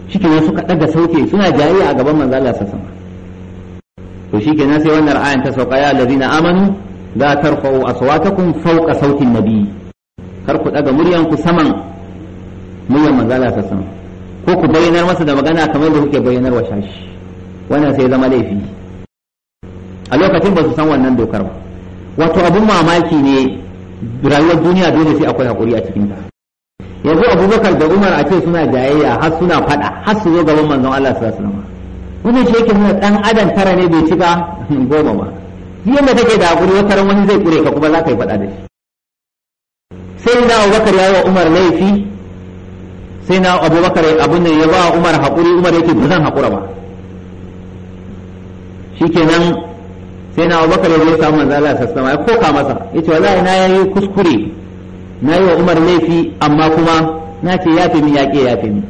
shikenan suka daga sauke suna jayayya a gaban manzo Allah sallallahu alaihi wasallam to shikenan sai wannan ayan ta sauka ya allazina amanu la tarfa'u aswatakum fawqa sauti nabi kar ku daga muryan ku saman muryan manzo Allah sallallahu alaihi wasallam ko ku bayyanar masa da magana kamar da kuke bayyanar wa shashi wannan sai zama laifi a lokacin ba su san wannan dokar ba wato abun mamaki ne rayuwar duniya dole sai akwai hakuri a cikinta yanzu abubakar da umar a ce suna jayayya har suna faɗa har su zo gaban manzon allah sallallahu alaihi wasallam kuma shi yake nuna dan adam tara ne bai cika goma ba jiya da take da hakuri wata ran wani zai kure ka kuma za ka yi faɗa da shi sai na abubakar ya yi wa umar laifi sai na abubakar abin ya ba umar hakuri umar yake ba zan hakura ba shikenan sai na abubakar ya samu manzo Allah sassama ya koka masa ce wallahi na yi kuskure na yi wa Umar laifi amma kuma na ce ya fi mi ya ke ya fi mi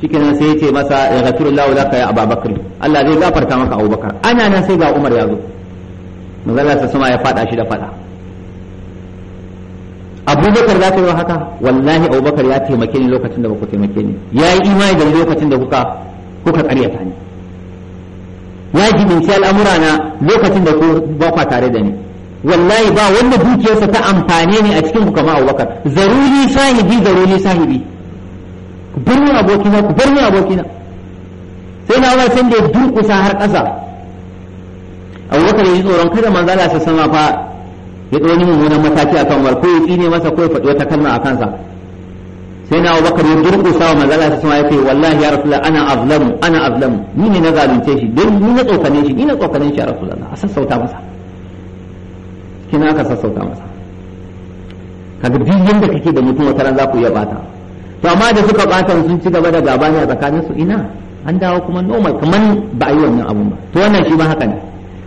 shikenan sai ya ce masa ya ghafirullahu yi a Abubakar Allah zai gafarta maka Abubakar ana nan sai ga Umar ya zo manzo Allah sassama ya fada shi da fada abubakar za ka yi haka wallahi abubakar ya taimake ni lokacin da ba ku taimake ni ya yi imani da lokacin da kuka kuka karyata ni sai al'amura na lokacin da ko ba tare da ni wallahi ba wanda dukiyarsa ta amfane ne a cikin ku kama abubakar zaruri sahibi zaruri sahibi ku bar ni abokina ku bar ni abokina sai na umar san da ya durkusa har ƙasa abubakar ya yi tsoron kada manzo Allah sama fa ya tsoni mummunan mataki akan wal ko ya tsine masa ko ya faɗi wata kalma a kansa sai na Abubakar ya durƙusa wa manzo Allah sai ya ce wallahi ya rasulullah ana azlamu ana azlamu ni ne na zalunce shi dan ni na tsokane shi ni na tsokane shi ya rasulullah a sassauta masa kina aka sassauta masa kaga duk yanda kake da mutum wata ran za ku iya bata to amma da suka bata sun ci gaba da gaba ne a tsakanin su ina an dawo kuma normal kaman ba a yi wannan abun ba to wannan shi ma haka ne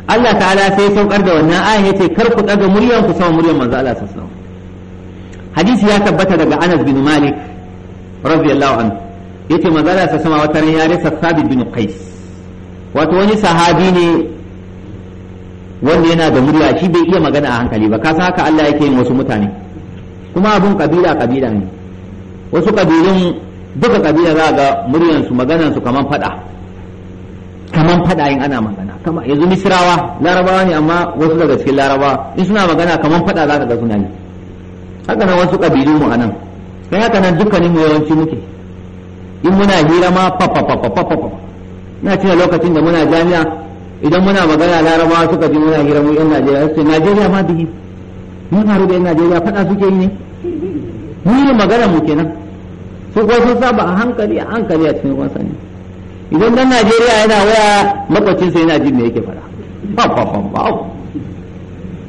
Allah ta'ala sai saukar da wannan ayan yace kar ku daga muryan ku sama muryan manzo Allah sallallahu alaihi wasallam hadisi ya tabbata daga Anas bin Malik radiyallahu anhu yace manzala sa sama وتر ya rasa sabit bin qais wato wani sahabi ne wanda yana da murya shi bai iya magana a hankali ba kasa haka Allah yake yin wasu mutane kuma abun kabila kabila ne wasu kabilun duka kabila za ga muryan su maganan su kaman fada kaman fada yin ana magana kama yanzu misrawa larabawa ne amma wasu daga cikin larabawa in suna magana kaman fada za ka ga suna ne haka nan wasu kabilun mu anan sai haka nan dukkanin mu yawanci muke in muna hira ma fa-fa-fa-fa-fa-fa. na cina lokacin da muna jami'a idan muna magana larabawa suka ji muna hira mu yan najeriya ce najeriya ma bihi mu na da yan najeriya faɗa suke yi ne mu magana mu kenan su kuma sun saba a hankali a hankali a cikin wasa ne idan dan najeriya yana waya makwacinsa yana jin me yake faɗa fa fa ba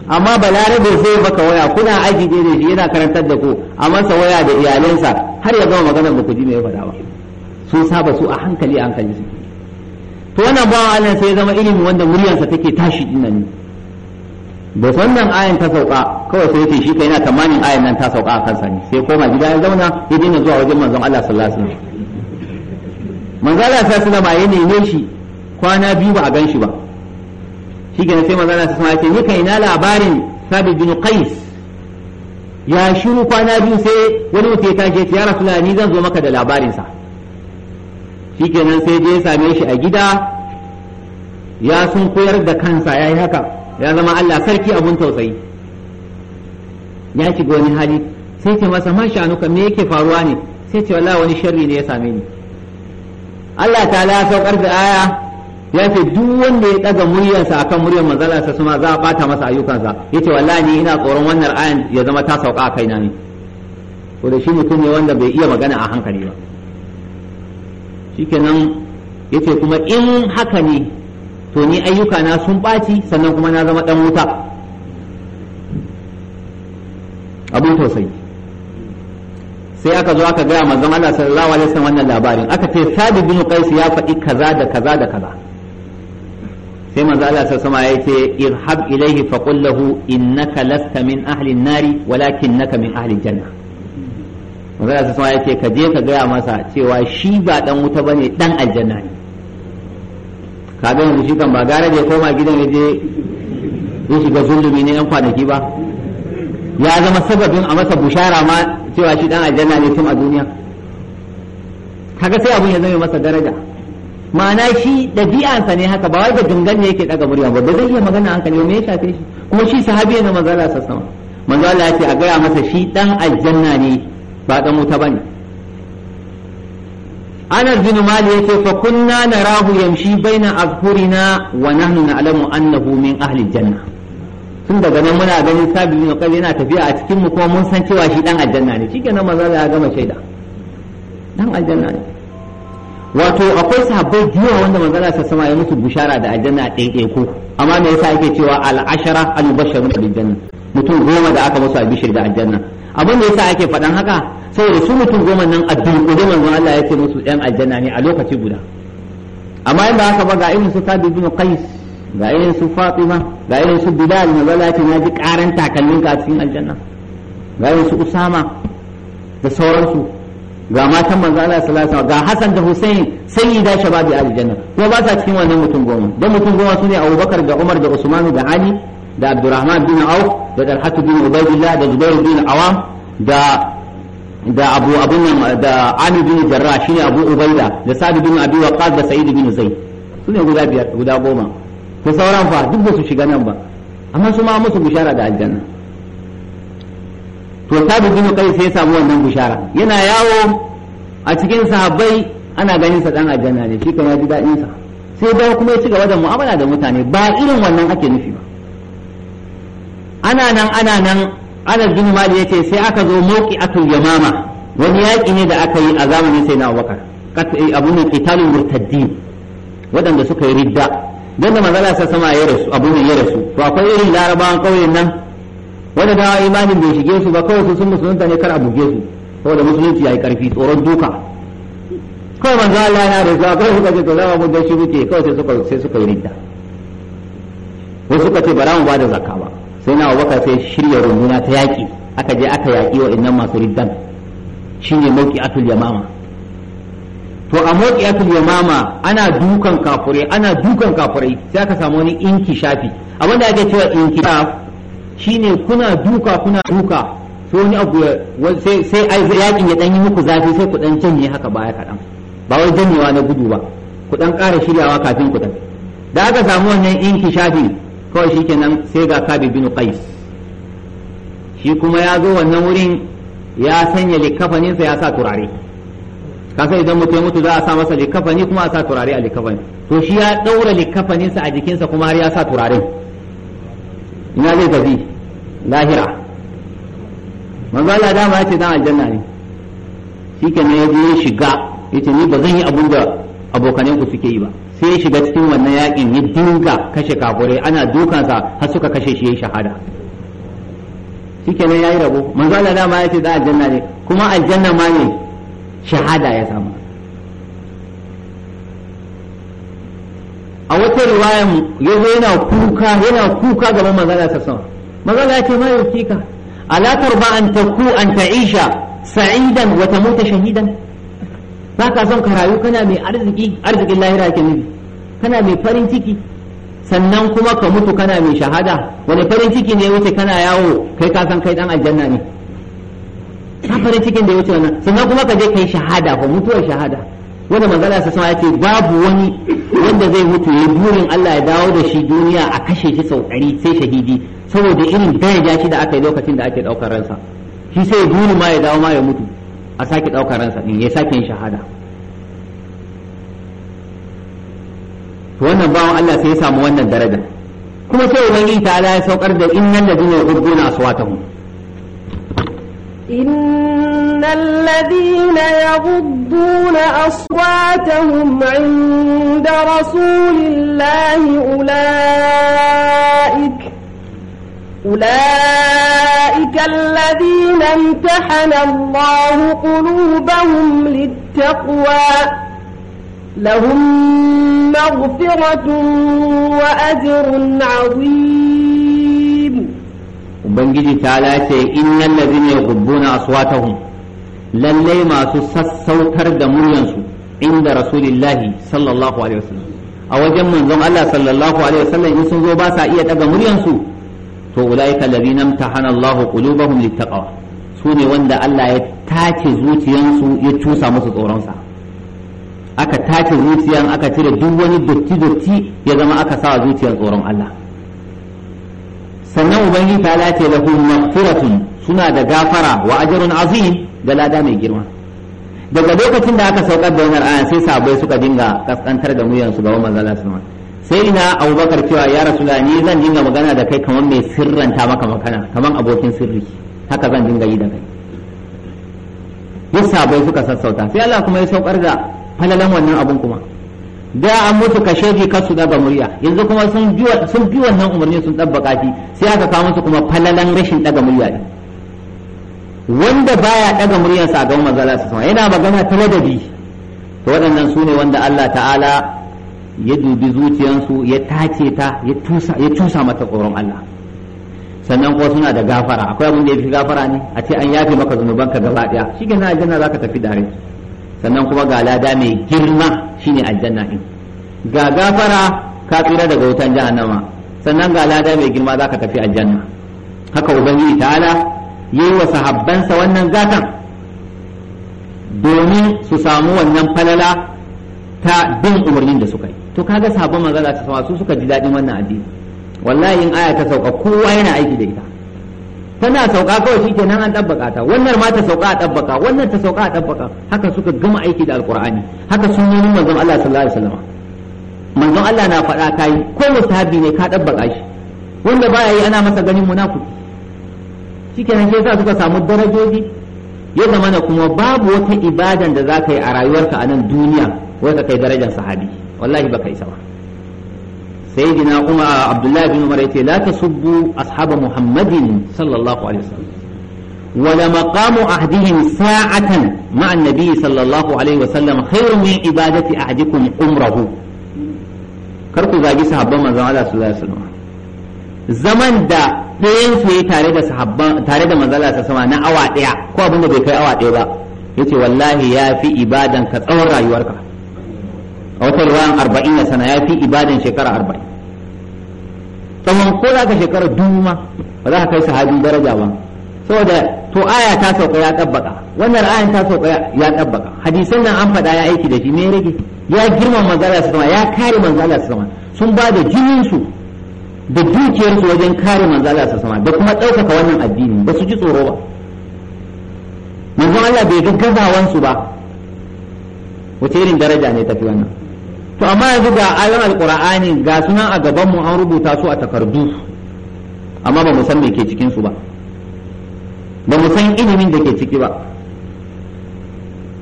amma balarabe zai baka waya kuna aji ne shi yana karantar da ku a masa waya da iyalansa har ya gama maganar da ku ji mai faɗa ba sun saba su a hankali hankali su to wannan bawa Allah sai ya zama ilimi wanda muryarsa take tashi din nan da sannan ayan ta sauka kawai sai yace shi kai yana tamanin ayan nan ta sauka a kansa ne sai koma gida ya zauna ya dinga zuwa wajen manzon Allah sallallahu alaihi wasallam manzon Allah sallallahu alaihi wasallam ya ne shi kwana biyu ba a gan shi ba shi gina sai maza na sassan ce ni kai na labarin sabi bin qais ya shiru kwana biyu sai wani mutum ya tashi ya ce ya rasu ni zan zo maka da labarinsa shi kenan sai je ya same shi a gida ya sun koyar da kansa ya yi haka ya zama allah sarki abun tausayi ya shiga wani hali sai ce masa man shanuka me yake faruwa ne sai ce wani sharri ne ya same ni Allah ta la saukar da aya ya ce duk wanda ya daga muryarsa akan muryar manzala suna ma za a bata masa ayyukansa ya yace wallahi ina tsoron wannan ayan ya zama ta sauka a kaina ne ko da shi mutum ne wanda bai iya magana a hankali ba shikenan ce kuma in haka ne to ni ayyuka na sun ɓaci sannan kuma na zama ɗan wuta abin tausayi sai aka zo aka gaya manzon Allah sallallahu alaihi wasallam wannan labarin aka ce Sabit bin Qais ya faɗi kaza da kaza da kaza sai manzo Allah sai sama yace irhab ilaihi fa qul lahu innaka lasta min ahli an-nari walakinnaka min ahli janna manzo Allah sai sama yace ka je ka gaya masa cewa shi ba dan wuta bane dan aljanna ne kaga yanzu shi kan ba gara ya koma gidan ya je ya shiga zulumi ne yan kwanaki ba ya zama sababin a masa bushara ma cewa shi dan aljanna ne tun a duniya kaga sai abun ya zama masa daraja ma'ana shi ɗabi'ansa ne haka ba wai da gangan ne yake daga murya ba zai iya magana hankali me ya shafe shi kuma shi sahabi na manzo Allah sallallahu alaihi ce a gaya masa shi dan aljanna ne ba dan wuta bane Anas bin Malik yace fa kunna narahu yamshi baina azhurina wa nahnu na'lamu annahu min ahli janna tun daga nan muna ganin sabi bin Qais yana tafiya a cikin mu kuma mun san cewa shi dan aljanna ne shikenan manzo Allah ya gama shaida dan aljanna ne wato akwai sahabbai da yawa wanda manzo Allah sama ya mutu bishara da aljanna a ɗaiɗai ko amma me yasa ake cewa al-ashara al-mubashsharun bil janna mutum goma da aka musu albishir da aljanna abin me yasa ake faɗan haka saboda su mutum goma nan a dunkule manzo Allah ya ce musu ɗan aljanna ne a lokaci guda amma in ba haka ba ga irin su Sa'd ibn Qais ga irin su Fatima ga irin su Bilal manzo Allah ya ce na ji karan takallin ka cikin aljanna ga irin su Usama da sauransu ga matan manzo Allah sallallahu alaihi ga Hassan da Hussein sai da shababi aljanna kuma ba sa cikin wannan mutum goma dan mutum goma sune Abubakar da Umar da Usman da Ali da Abdurrahman bin Auf da Talhat bin Ubaydillah da Zubair bin Awam da da Abu Abun da Ali bin Jarrah shine Abu Ubaida da Sa'd bin Abi Waqqas da Sa'id bin Zaid sune guda biyar guda goma to sauran fa duk ba su shiga nan ba amma su ma musu bishara da aljanna to sabu bin kai sai ya samu wannan bishara yana yawo a cikin sahabbai ana ganin sa dan aljanna ne shi kuma ji dadin sa sai ba kuma ya ci gaba da mu'amala da mutane ba irin wannan ake nufi ba ana nan ana nan ana bin mali yace sai aka zo moki atul yamama wani yaki ne da aka yi a zamanin sai na abubakar eh, abu ne kitalul murtaddin waɗanda suka yi ridda dan da manzala sama ya rasu abu ya rasu to akwai irin larabawan kauyen nan wanda da imanin bai shige su ba kawai sun sun musulunta ne kar a buge su saboda musulunci ya yi karfi tsoron duka kawai manzo Allah yana rasuwa kawai suka ce to za mu shi muke kawai sai suka sai suka yi ridda wasu suka ce bara mu bada zakka ba sai na Abubakar sai shirya runduna ta yaki aka je aka yaki wa innan masu riddan shine atul yamama to a atul yamama ana dukan kafurai ana dukan kafurai sai aka samu wani inki shafi abinda ake cewa inki. shine kuna duka kuna duka sai wani abu sai sai yakin ya danyi yi muku zafi sai ku dan janye haka baya kaɗan ba wai janyewa na gudu ba ku dan ƙara shiryawa kafin ku dan da aka samu wannan shafi kawai shikenan sai ga kabi bin qais shi kuma ya zo wannan wurin ya sanya likafaninsa ya sa turare kasa idan mutum mutu za a sa masa likafani kuma a sa turare a likafani to shi ya daura likafaninsa a jikinsa kuma har ya sa turaren ina zai tafi lahira manzo Allah dama ya ce dan aljanna ne shikenan ya je ya shiga yace ni ba zan yi abun da abokanen ku suke yi ba sai ya shiga cikin wannan yakin ya dinga kashe kafurai ana dukansa har suka kashe shi yayin shahada shikenan yayi rabo manzo Allah dama ya ce dan aljanna ne kuma aljanna ma ne shahada ya samu a wata riwayan yazo yana kuka yana kuka gaban manzala ta sama manzala ce mai kika ala tarba an taku an ta'isha sa'idan wa tamuta shahidan ba ka son ka rayu kana mai arziki arzikin lahira ke nufi kana mai farin ciki sannan kuma ka mutu kana mai shahada wani farin ciki ne wuce kana yawo kai ka san kai dan aljanna ne ka farin cikin da ya wuce wannan sannan kuma ka je kai shahada ka mutuwar shahada wanda magana sa sama yake babu wani wanda zai mutu ya burin Allah ya dawo da shi duniya a kashe shi sau ɗari sai shahidi saboda irin daraja shi da aka yi lokacin da ake ɗaukar ransa shi sai ya burin ma ya dawo ma ya mutu a sake ɗaukar ransa ɗin ya sake yin shahada to wannan bawan Allah sai ya samu wannan daraja kuma sai ubangiji ta ya saukar da innal ladina yuhibbuna aswatahum إن الذين يغضون أصواتهم عند رسول الله أولئك أولئك الذين امتحن الله قلوبهم للتقوى لهم مغفرة وأجر عظيم ubangiji ta lace ya ladina na aswatahum lallai masu sassautar da muryansu inda rasulillahi sallallahu alaihi wasallam a wajen manzon Allah sallallahu alaihi wasallam in sun zo ba sa iya daga muryansu to ulaika alladhina imtahana Allahu qulubahum littaqwa su ne wanda Allah ya tace zuciyansu ya cusa musu tsoronsa aka tace zuciyan aka cire duk wani dotti dotti ya zama aka sa zuciyar tsoron Allah sannan ubangiji ta lati da kun suna da gafara wa ajrun azim da lada mai girma daga lokacin da aka saukar da wannan aya sai sabai suka dinga kaskantar da muyan su ga wa Allah sai ina Abubakar cewa ya rasula ni zan dinga magana da kai kamar mai sirranta maka makana, kamar abokin sirri haka zan dinga yi da kai duk sabai suka sassauta sai Allah kuma ya saukar da falalan wannan abun kuma da an mutu ka shege kasu da daga murya yanzu kuma sun bi wannan umarni sun ɗabbaka shi sai aka kawo musu kuma falalan rashin daga murya ne wanda baya daga murya a gaban manzala su yana magana ta ladabi to waɗannan su ne wanda Allah ta'ala ya dubi zuciyarsu ya tace ta ya cusa mata tsoron Allah sannan ko suna da gafara akwai abin da ya fi gafara ne a ce an yafe maka zunubanka gaba ɗaya shi ke na aljanna za ka tafi dare sannan kuma ga lada mai girma shine aljanna din ga gafara ka tsira daga wutan jahannama sannan ga lada mai girma zaka tafi aljanna haka ubangiji ta'ala yi wa sahabbansa wannan gatan domin su samu wannan falala ta bin umarnin da suka yi to kaga sabon manzo Allah ta sama su suka ji dadin wannan addini wallahi in aya ta sauka kowa yana aiki da ita tana sauka kawai shikenan an tabbaka ta wannan ma ta sauka a tabbaka wannan ta sauka a tabbaka haka suka gama aiki da alqur'ani haka sunnonin manzon Allah sallallahu alaihi wasallam manzon Allah na faɗa ta yi ko sahabi ne ka tabbaka shi wanda baya yi ana masa ganin munafiki shikenan sai suka samu darajoji ya mana kuma babu wata ibadan da za ka yi a rayuwarka a nan duniya wanda kai darajar sahabi wallahi baka isa ba sayyidina umar abdullahi bin umar yace la tasubbu ashaba muhammadin sallallahu alaihi wasallam wala maqamu ahdihim sa'atan ma'a nabi sallallahu alaihi wasallam khairun min ibadati umrahu kar zagi sahabban manzon Allah sallallahu alaihi zaman da ɗayan ya yi tare da sahabban tare na awa ɗaya ko abinda bai kai awa ɗaya ba yace wallahi ya fi ibadan ka tsawon rayuwarka a wata ruwan arba'in na sana ya fi ibadan shekara arba'in tsawon ko za ka shekara dubu ma ba za ka kai sahabin daraja ba saboda to aya ta sauka ya tabbaka wannan ayan ta sauka ya tabbaka hadisan nan an faɗa ya aiki da shi me rage ya girma manzala su ya kare manzala su sun ba da jinin su da dukiyar su wajen kare manzala su da kuma ɗaukaka wannan addini ba su ji tsoro ba manzo Allah bai ga gazawan su ba wace irin daraja ne tafi wannan to amma yanzu ga ayon alkur'ani ga sunan a gaban mu an rubuta su a takardu amma ba mu san me ke cikin su ba ba mu san ilimin da ke ciki ba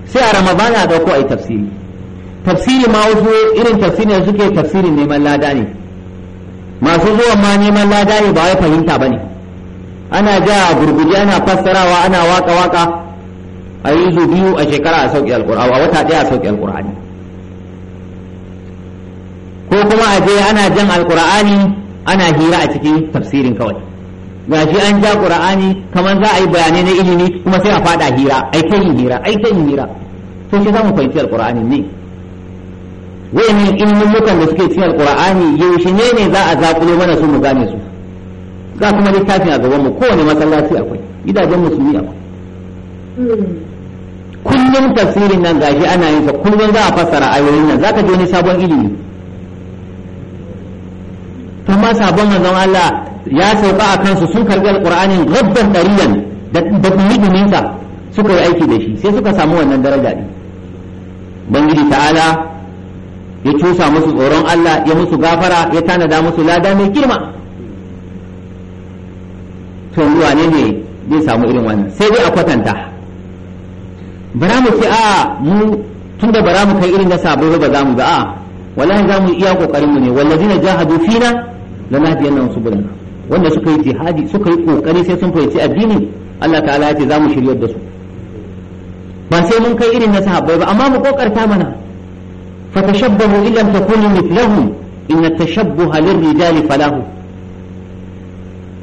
sai a ramadana a dauko ai tafsiri tafsiri ma wasu irin tafsiri suke tafsirin neman lada ne masu zuwa ma neman lada ne ba wai fahimta ba ne ana ja gurguje ana fassarawa ana waka waka a yi biyu a shekara a sauƙi alƙur'ani a wata ɗaya a sauƙi alƙur'ani ko kuma a je ana jan alkur'ani ana hira a cikin tafsirin kawai gashi an ja qur'ani kamar za a yi bayanai na ilimi kuma sai a fada hira ai kai hira ai kai hira to shi zamu fahimci alkur'ani ne wayannan ilmukan da suke cikin alkur'ani yaushe ne ne za a zakulo mana su mu gane su ga kuma littafin a gaban mu kowane masallaci akwai gidajen musulmi akwai kullum tafsirin nan gashi ana yin sa kullum za a fassara ayoyin nan zaka ji wani sabon ilimi amma sabon manzon Allah ya sauka a kansu sun karbi alqur'ani rabban dariyan da dumin sa suka yi aiki da shi sai suka samu wannan daraja din bangiji ta'ala ya cusa musu tsoron Allah ya musu gafara ya tanada musu lada mai girma to ruwa ne ne zai samu irin wannan sai dai a kwatanta bara mu ce a mu tunda bara mu kai irin na sabo ba za mu ga a wallahi za mu iya kokarin mu ne wallazina jahadu fina lanahdiyan nan subulana wanda suka yi jihadi suka yi kokari sai sun fahimci addini Allah ta'ala ya ce za mu shiryar da su ba sai mun kai irin na sahabbai ba amma mu kokarta mana fatashabbahu illam takunu mithlahum inna tashabbuha lirrijali falahu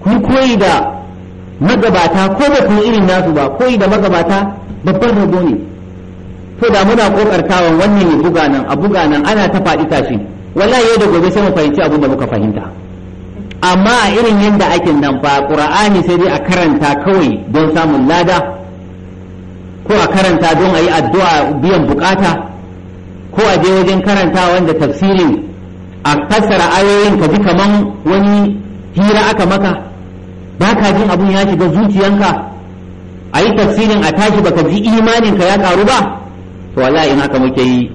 kun koyi da magabata ko ba kun irin nasu ba koyi da magabata babban rabo ne to da muna kokartawan wannan ne buga nan a buga nan ana ta faɗi tashi wallahi yau da gobe sai mu fahimci abin da muka fahimta amma a irin yadda ake nan ba ƙura'ani sai dai a karanta kawai don samun lada ko a karanta don a yi addu'a biyan bukata ko a je wajen karanta wanda tafsirin a fassara ayoyin ka ji kaman wani hira aka maka ba ka jin abun ya shiga zuciyanka a yi tafsirin a tashi baka ji imaninka ya karu ba to wallahi in haka muke yi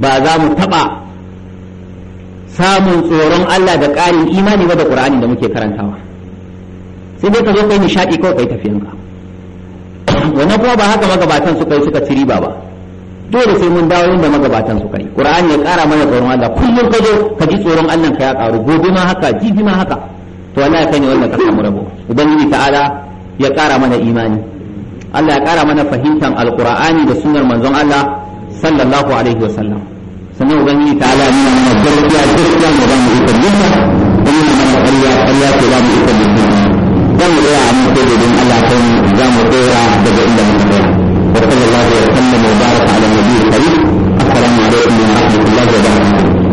ba za mu taɓa samun tsoron Allah da ƙarin imani ba da Qur'ani da muke karantawa sai dai ka zo kai nishaɗi kawai kai tafiyanka wannan kuma ba haka magabatan suka yi suka ci riba ba dole sai mun dawo inda magabatan suka yi ƙura'ani ya ƙara mana tsoron Allah kullum ka zo ka ji tsoron Allah ka ya ƙaru gobe ma haka jibi ma haka to wallahi kai ne wanda ka samu rabo ubangiji ta'ala ya ƙara mana imani Allah ya ƙara mana fahimtar alƙur'ani da sunnar manzon Allah sallallahu alaihi wasallam sanin ubangiji ta ala nuna mana gaskiya gaskiya ne za mu isa dinka da nuna mana ƙarya ƙarya ce za mu isa dinka za mu tsaya a mutu da don Allah kan za mu tsaya daga inda mun tsaya wa sallallahu alaihi wa sallam wa baraka ala nabiyyi karim assalamu alaikum wa rahmatullahi wa barakatuh